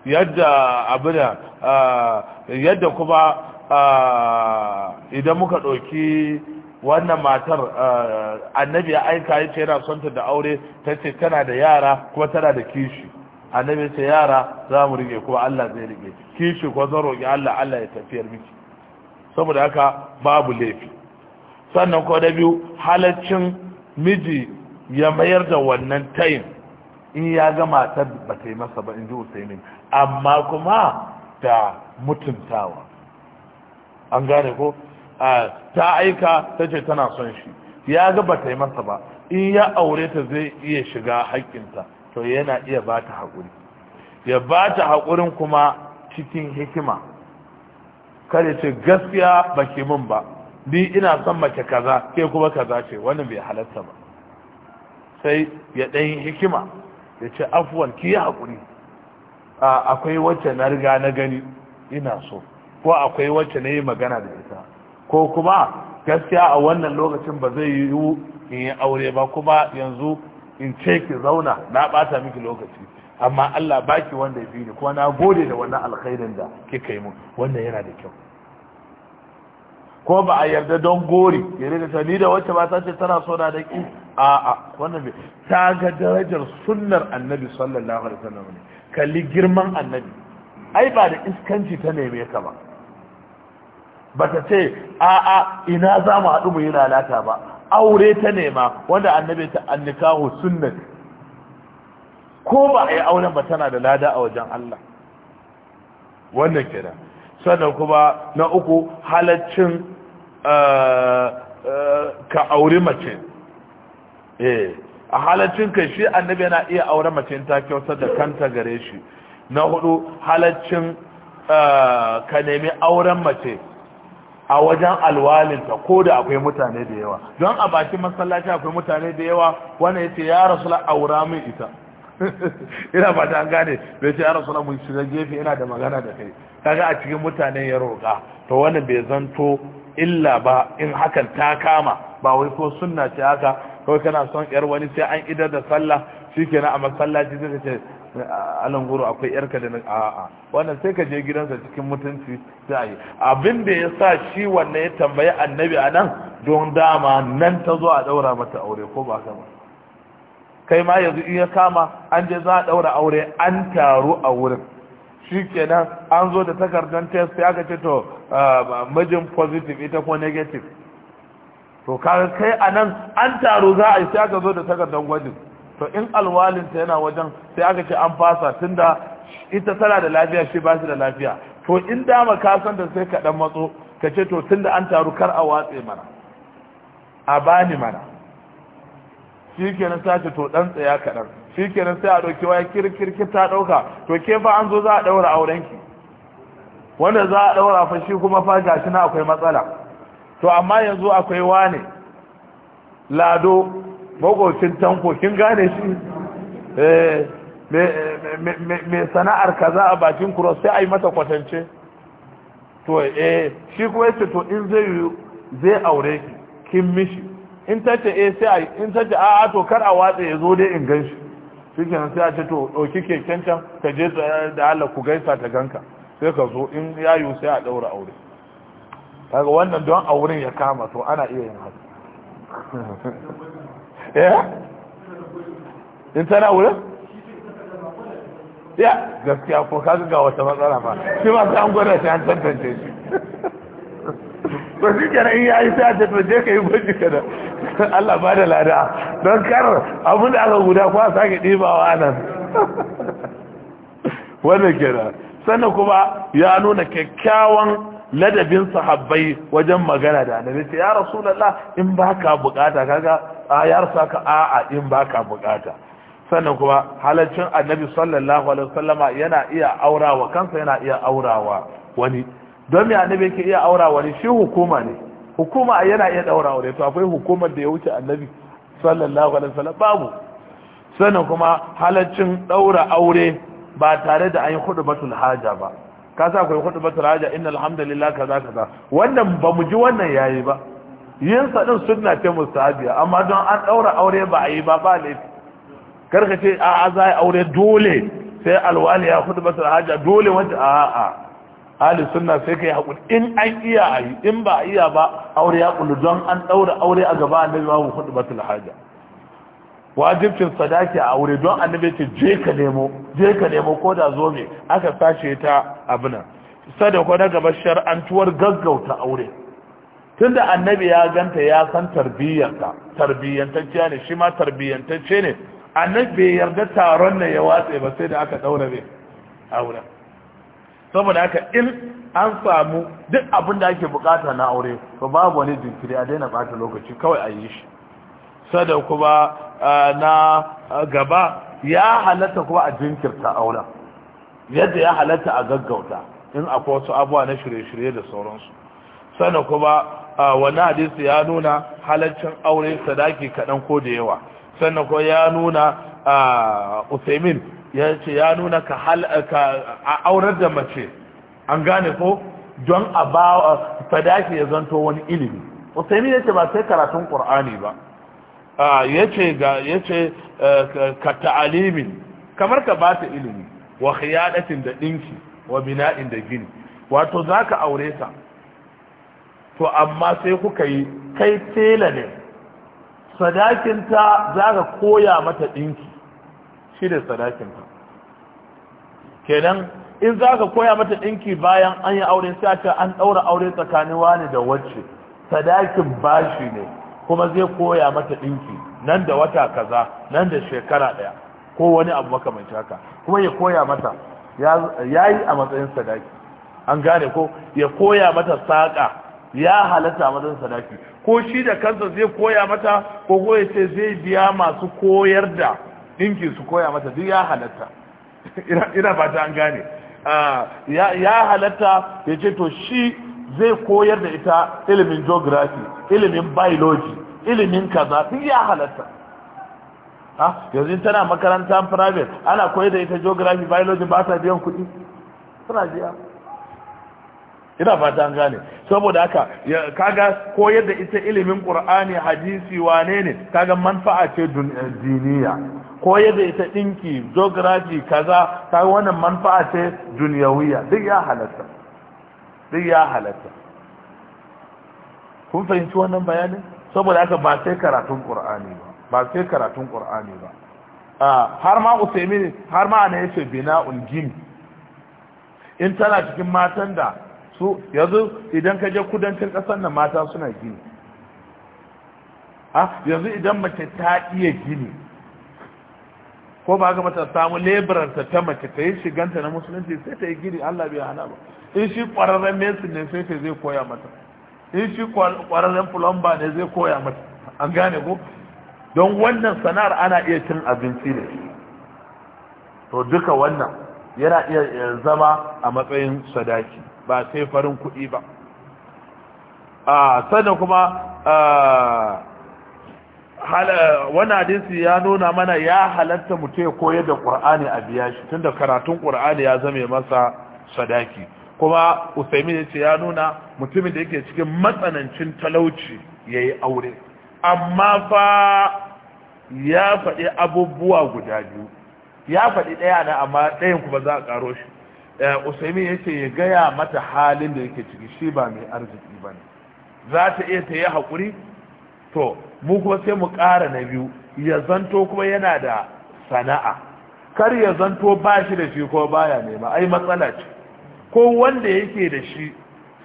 yadda abin ah, yadda kuma ah, idan muka ɗauki wannan matar eh, annabi ya aika ya ce yana son ta da aure ta ce tana da yara kuma tana da kishi annabi ce yara za mu rike kuma Allah zai rike kishi ko zan roƙi Allah Allah ya tafiyar miki saboda haka babu laifi sannan ko da biyu halaccin miji ya mayar da wannan tayin in ya ga matar ba ta yi masa ba in ji Usaimin amma kuma da mutuntawa an gane ko ta aika ta ce tana son shi ya ga ba ta yi masa ba in ya aure ta zai iya shiga haƙƙinta to yana iya ba ta haƙuri ya ba ta haƙurin kuma cikin hikima kare ce gaskiya ba ki min ba ni ina son mace kaza ke kuma kaza ce wannan bai halatta ba sai ya ɗan hikima ya ce afuwan ki yi haƙuri akwai wacce na riga na gani ina so ko akwai wacce na yi magana da ita ko kuma gaskiya a wannan lokacin ba zai yiwu in yi aure ba kuma yanzu in ce ki zauna na bata miki lokaci amma Allah baki wanda ya bini kuma na gode da wannan alkhairin da kika yi mun wannan yana da kyau ko ba a yarda don gori ya rika ni da wacce ba ta ce tana so na da ki a a wannan bai ta ga darajar sunnar annabi sallallahu alaihi wasallam ne kalli girman annabi ai ba da iskanci ta neme ka ba ba ta ce a'a ina za mu haɗu mu yi lalata ba aure ta nema wanda annabi ta annikahu sunnat ko ba a yi auren ba tana da lada a wajen Allah wannan kira sannan kuma na uku halaccin eh, eh, ka aure mace eh a halaccin kai shi annabi yana iya aure mace ta kyautar da kanta gare shi na hudu halaccin eh, ka nemi auren mace a wajen alwalinta ko da akwai mutane da yawa don a bakin masallaci akwai mutane da yawa wanda ya ce ya rasu aura min ita ina ba ta gane bai ce ya rasu mun shiga gefe ina da magana da kai kaga a cikin mutane ya roƙa to wannan bai zanto illa ba in hakan ta kama ba wai ko sunna ce haka kawai kana son yar wani sai an idar da sallah shi shikenan a masallaci zai ce alan goro akwai yarka da a'a wannan sai ka je gidansa cikin mutunci sai abin da ya sa shi wannan ya tambayi annabi a nan don dama nan ta zo a daura mata aure ko ba ka ba kai ma yanzu in ya kama an je za a daura aure an taru a wurin shi kenan an zo da takardar test sai aka ce to mijin positive ita ko negative to kai a nan an taru za a yi sai aka zo da takardar gwajin to in alwalinta yana wajen sai aka ce an fasa tunda ita tana da lafiya shi ba shi da lafiya to in dama ka san da sai ka dan matso ka ce to tunda an taru kar a watse mana a bani mana shikenan ta ce to dan tsaya kaɗan shikenan sai a ɗauki waya kirkirki ta ɗauka to ke fa an zo za a ɗaura aurenki wanda za a ɗaura fa shi kuma fa gashi na akwai matsala to amma yanzu akwai wane lado magocin tanko kin gane shi eh, mai sana'ar kaza a bakin cross sai a yi mata kwatance to eh shi kuma yace to in zai zai aure kin mishi in ta ce eh sai a in ta ce a'a to kar a watsa ya zo dai in gan shi shikenan sai a ce to ɗauki keken can ka je da Allah ku gaisa ta ganka sai ka zo in ya yi sai a ɗaura aure kaga wannan don auren ya kama to ana iya yin haka Eh? in tana wurin ya gaskiya ko kaga ga wata matsala ba shi ba sai an gwada shi an tantance shi to shi kenan in yayi sai a ce je ka yi gwaji kada Allah ba da lada don kar abin da aka guda kuma sake ɗibawa nan wannan kenan sannan kuma ya nuna kyakkyawan ladabin sahabbai wajen magana da annabi ce ya rasulullah in baka bukata kaga a ya saka a'a in baka bukata sannan kuma halaccin annabi sallallahu alaihi wasallama yana iya aurawa kansa yana iya aurawa wani don me annabi yake iya aura wani shi hukuma ne hukuma yana iya daura aure to akwai hukumar da ya wuce annabi sallallahu alaihi wasallam babu sannan kuma halaccin daura aure ba tare da an yi hudubatul haja ba ka sa akwai hudu bata raja inna alhamdulillah kaza kaza wannan ba mu ji wannan yayi ba yin sa din sunna ce mustahabiya amma don an daura aure ba a yi ba ba laifi karka ce a za a aure dole sai alwali ya hudu bata raja dole wanda a a ahli sunna sai kai hakuri in an iya a yi in ba a iya ba aure ya kullu don an daura aure a gaba annabi babu hudu bata wajibcin sadaki a aure don annabi ce je ka nemo je ka nemo ko da zo me aka sace ta abuna ko na gaba shar'antuwar gaggauta aure tunda annabi ya ganta ya san tarbiyyarta tarbiyyantacciya ne shi ma tarbiyyantacce ne annabi bai yarda taron ne ya watse ba sai da aka daura ne aure saboda haka in an samu duk abin da ake bukata na aure to babu wani jinkiri a daina bata lokaci kawai a yi shi sada kuma na gaba ya halatta kuma a jinkirta auren yadda ya halatta a gaggauta in akwai wasu abuwa na shirye-shirye da sauransu sana kuma wani hadisi ya nuna halaccin aure sadaki kaɗan ko da yawa sannan kuma ya nuna usaimin ya ya nuna ka aurar da mace an gane ko don a ba sadaki ya zanto wani ilimi usaimin ya ce ba sai karatun ƙur'ani ba Ah, yace ga yace eh, ka ta'alimin kamar ka ba ta ilimi wa khiyadatin da dinki wa bina'in da gini wato zaka aure ta to amma sai kuka yi kai tela ne sadakinta zaka koya mata dinki shi da sadakinta kenan in zaka koya mata ɗinki bayan an yi aure sai ka an ɗaura aure tsakanin wani da wacce sadakin bashi ne kuma zai koya mata ɗinki nan da wata kaza nan da shekara ɗaya ko wani abu makamanci haka kuma ya koya mata ya yi a matsayin sadaki an gane ko ya koya mata saƙa ya halatta a matsayin sadaki ko shi da kansa zai koya mata ko ko ya ce zai biya masu koyar da ɗinki su koya mata duk ya halatta ina ba ta an gane ah, ya halatta ya ce to shi zai koyar da ita ilimin geography ilimin biology ilimin kaza duk ya halatta ha yanzu tana makarantar private ana koyar da ita geography biology ba ta biyan kuɗi suna biya ina fata an gane saboda haka kaga koyar da ita ilimin qur'ani hadisi wane ne kaga manfa'a ce duniya eh, koyar da ita dinki geography kaza kaga wannan manfa'a ce duniyawiya duk ya halatta duk ya halatta kun fahimci wannan bayanin saboda aka ba sai karatun qur'ani ba ba sai karatun qur'ani ba har ma usaimin har ma ne yace bina jin in tana cikin matan da su yanzu idan ka je kudancin kasar nan mata suna gini yanzu idan mace ta iya gini ko ba ga mata samu lebaran ta ta mace ta yi shiganta na musulunci sai ta yi gini Allah bai hana ba in shi kwararren mesin ne sai ta zai koya mata in shi kwararren plumber ne zai koya mata an gane ko don wannan sana'ar ana iya cin abinci ne to duka wannan yana iya zama a matsayin sadaki ba sai farin kuɗi ba a ah, sannan kuma ah, wani hadisi ya nuna mana ya halatta mutum ya koyar da kur'ani a biya shi tunda karatun ƙur'ani ya zame masa sadaki kuma usaimi ya ce ya nuna mutumin da yake cikin matsanancin talauci ya yi aure amma fa ya faɗi abubuwa guda biyu ya faɗi ɗaya na amma dayan kuma za a ƙaro shi eh, usaimi ya ce ya gaya mata halin da yake ciki shi ba mai arziki ba ne za ta iya ta yi haƙuri to mu kuma sai mu ƙara na biyu ya zanto kuma yana da sana'a kar ya zanto ba shi da shi ko baya nema ai matsala ce ko wanda yake da shi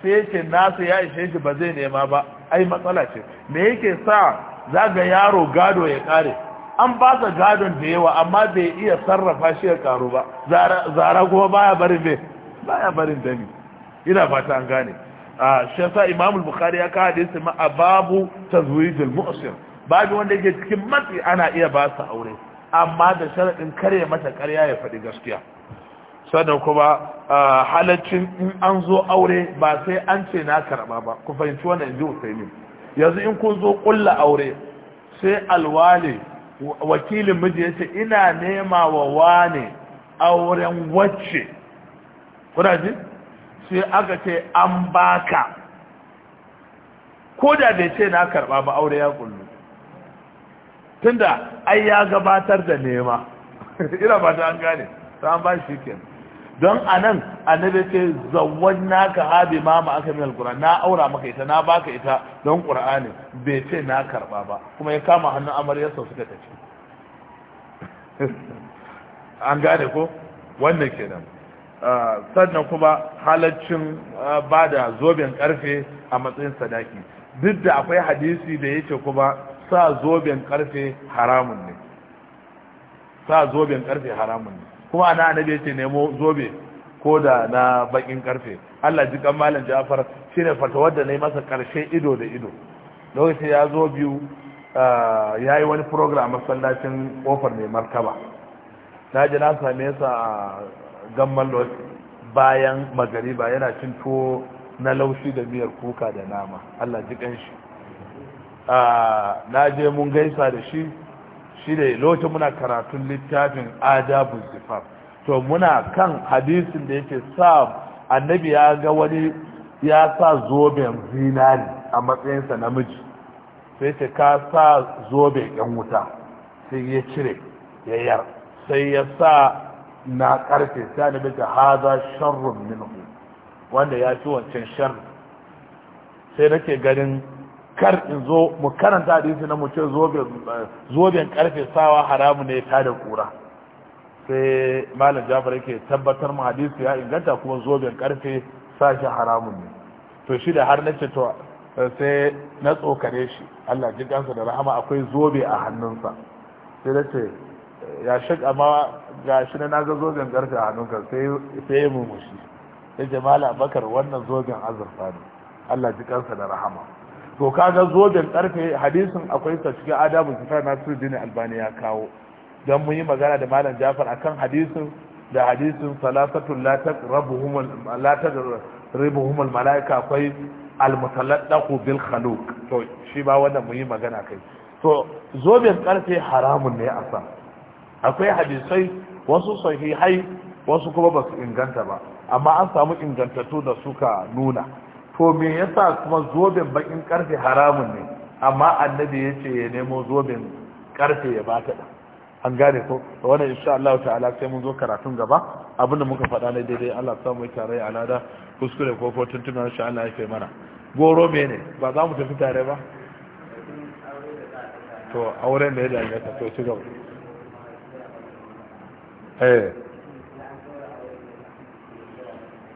sai yake nasa ya ishe shi ba zai nema ba ai matsala ce me yake sa zaga yaro gado ya kare an ba sa gadon da yawa amma bai iya sarrafa shi ya karu ba zara kuma baya barin bai baya barin dani ina fata an gane shi yasa Imam bukari ya kawo hadisi ma babu tazwijul mu'sir babu wanda yake cikin matsi ana iya ba su aure amma da sharadin karya mata karya ya faɗi gaskiya sannan kuma halaccin in an zo aure ba sai an ce na karɓa ba ku fahimci wannan in ji usaini yanzu in kun zo ƙulla aure sai alwali wakilin miji ya ce ina nema wa wane auren wacce kuna ji sai aka ce an baka ko da bai ce na karba ba aure ya kullu tunda ai ya gabatar da nema ina ba ta an gane ta an ba shi ke don a nan annabi ce zawon naka habi ma ma aka min alkur'an na aura maka ita na baka ita don qur'ani bai ce na karba ba kuma ya kama hannun amaryarsa suka tafi an gane ko wannan kenan sannan kuma halaccin ah, ba da zoben karfe a matsayin sadaki duk da akwai hadisi da yake kuma sa zoben karfe haramun ne sa zoben karfe haramun ne kuma ana annabi yace nemo zobe ko da na bakin karfe Allah ji kan malam Ja'far shine fatawar da nayi masa karshe ido da ido lokacin ya zo biyu ah, ya wani program masallacin kofar mai martaba na ji na same sa gammalot bayan magariba yana cin tuwo na laushi da miyar kuka da nama Allah ji kanshi na je mun gaisa da shi shi da lokacin muna karatun littafin adabu zifar to muna kan hadisin da yake sa annabi ya ga wani ya sa zoben zinari a matsayinsa namiji sai ce ka sa zobe yan wuta sai ya cire yayar sai ya sa na karfe sani annabi ta haza sharrun minhu wanda ya ci wancan shar sai nake ganin kar in zo mu karanta hadisi na mu ce zoben karfe sawa haramu ne ta da kura sai malam jafar yake tabbatar mu hadisi ya inganta kuma zoben karfe sashi haramun ne to shi da har na ce to sai na tsokare shi Allah ji kansa da rahama akwai zobe a hannunsa sai da ce ya shak amma ga shi na ga zoben karfe a hannunka sai ya mumushi ya ce mala bakar wannan zoben azurfa ne Allah ji kansa da rahama to kaga zoben karfe hadisin akwai sa cikin adabu su fara su dini albani ya kawo don mun yi magana da malam jafar akan hadisin da hadisin salasatul la taqrabuhum la taqrabuhum malaika akwai al mutallaqu bil khaluq to shi ba wannan mun yi magana kai to zoben karfe haramun ne a sa akwai hadisai wasu sahihai wasu kuma ba su inganta ba amma an samu ingantattu da suka nuna to me yasa kuma zoben bakin karfe haramun ne amma annabi ya ce ya nemo zoben karfe ya ba ta an gane ko da wannan insha Allah ta'ala sai mun zo karatun gaba abinda muka faɗa ne daidai Allah ya samu tare a lada kuskure ko ko tunan insha Allah ya mana goro ne ba za mu tafi tare ba to auren da ya ta to gaba Eh.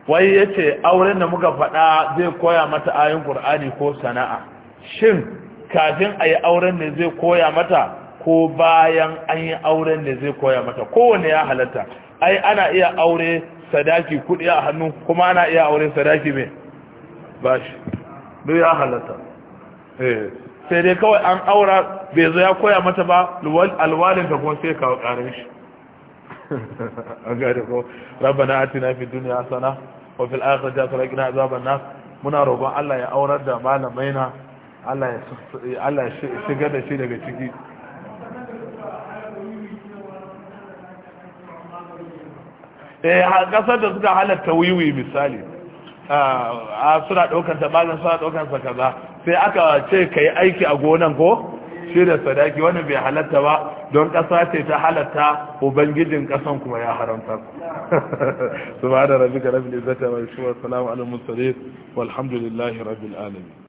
wai ya ce auren da muka faɗa zai koya mata ayin ƙur'ani ko sana'a shin kafin a yi auren ne zai koya mata ko bayan an yi auren ne zai koya mata kowane ya halatta ai ana iya aure sadaki kuɗi a hannu kuma ana iya aure sadaki mai ba shi duk ya halatta eh. sai dai kawai an aura bai zo ya koya mata ba alwalinta kuma sai ka ƙarin shi an gane rabbana atina fi dunya hasana wa fil akhirati hasana wa qina azaban nar muna roƙon Allah ya aurar da malamai na Allah ya Allah ya shigar da shi daga ciki eh kasar da suka halatta wiwi misali a suna ɗaukanta ta bazan suna ɗaukar sa kaza sai aka ce ka yi aiki a gonan ko shi da sadaki wani bai halatta ba don ƙasa ce ta halatta ubangijin ƙasan kuma ya haramta su ba da rabi ga rabin izzata wa salamu ala mursalin walhamdulillahi rabbil alamin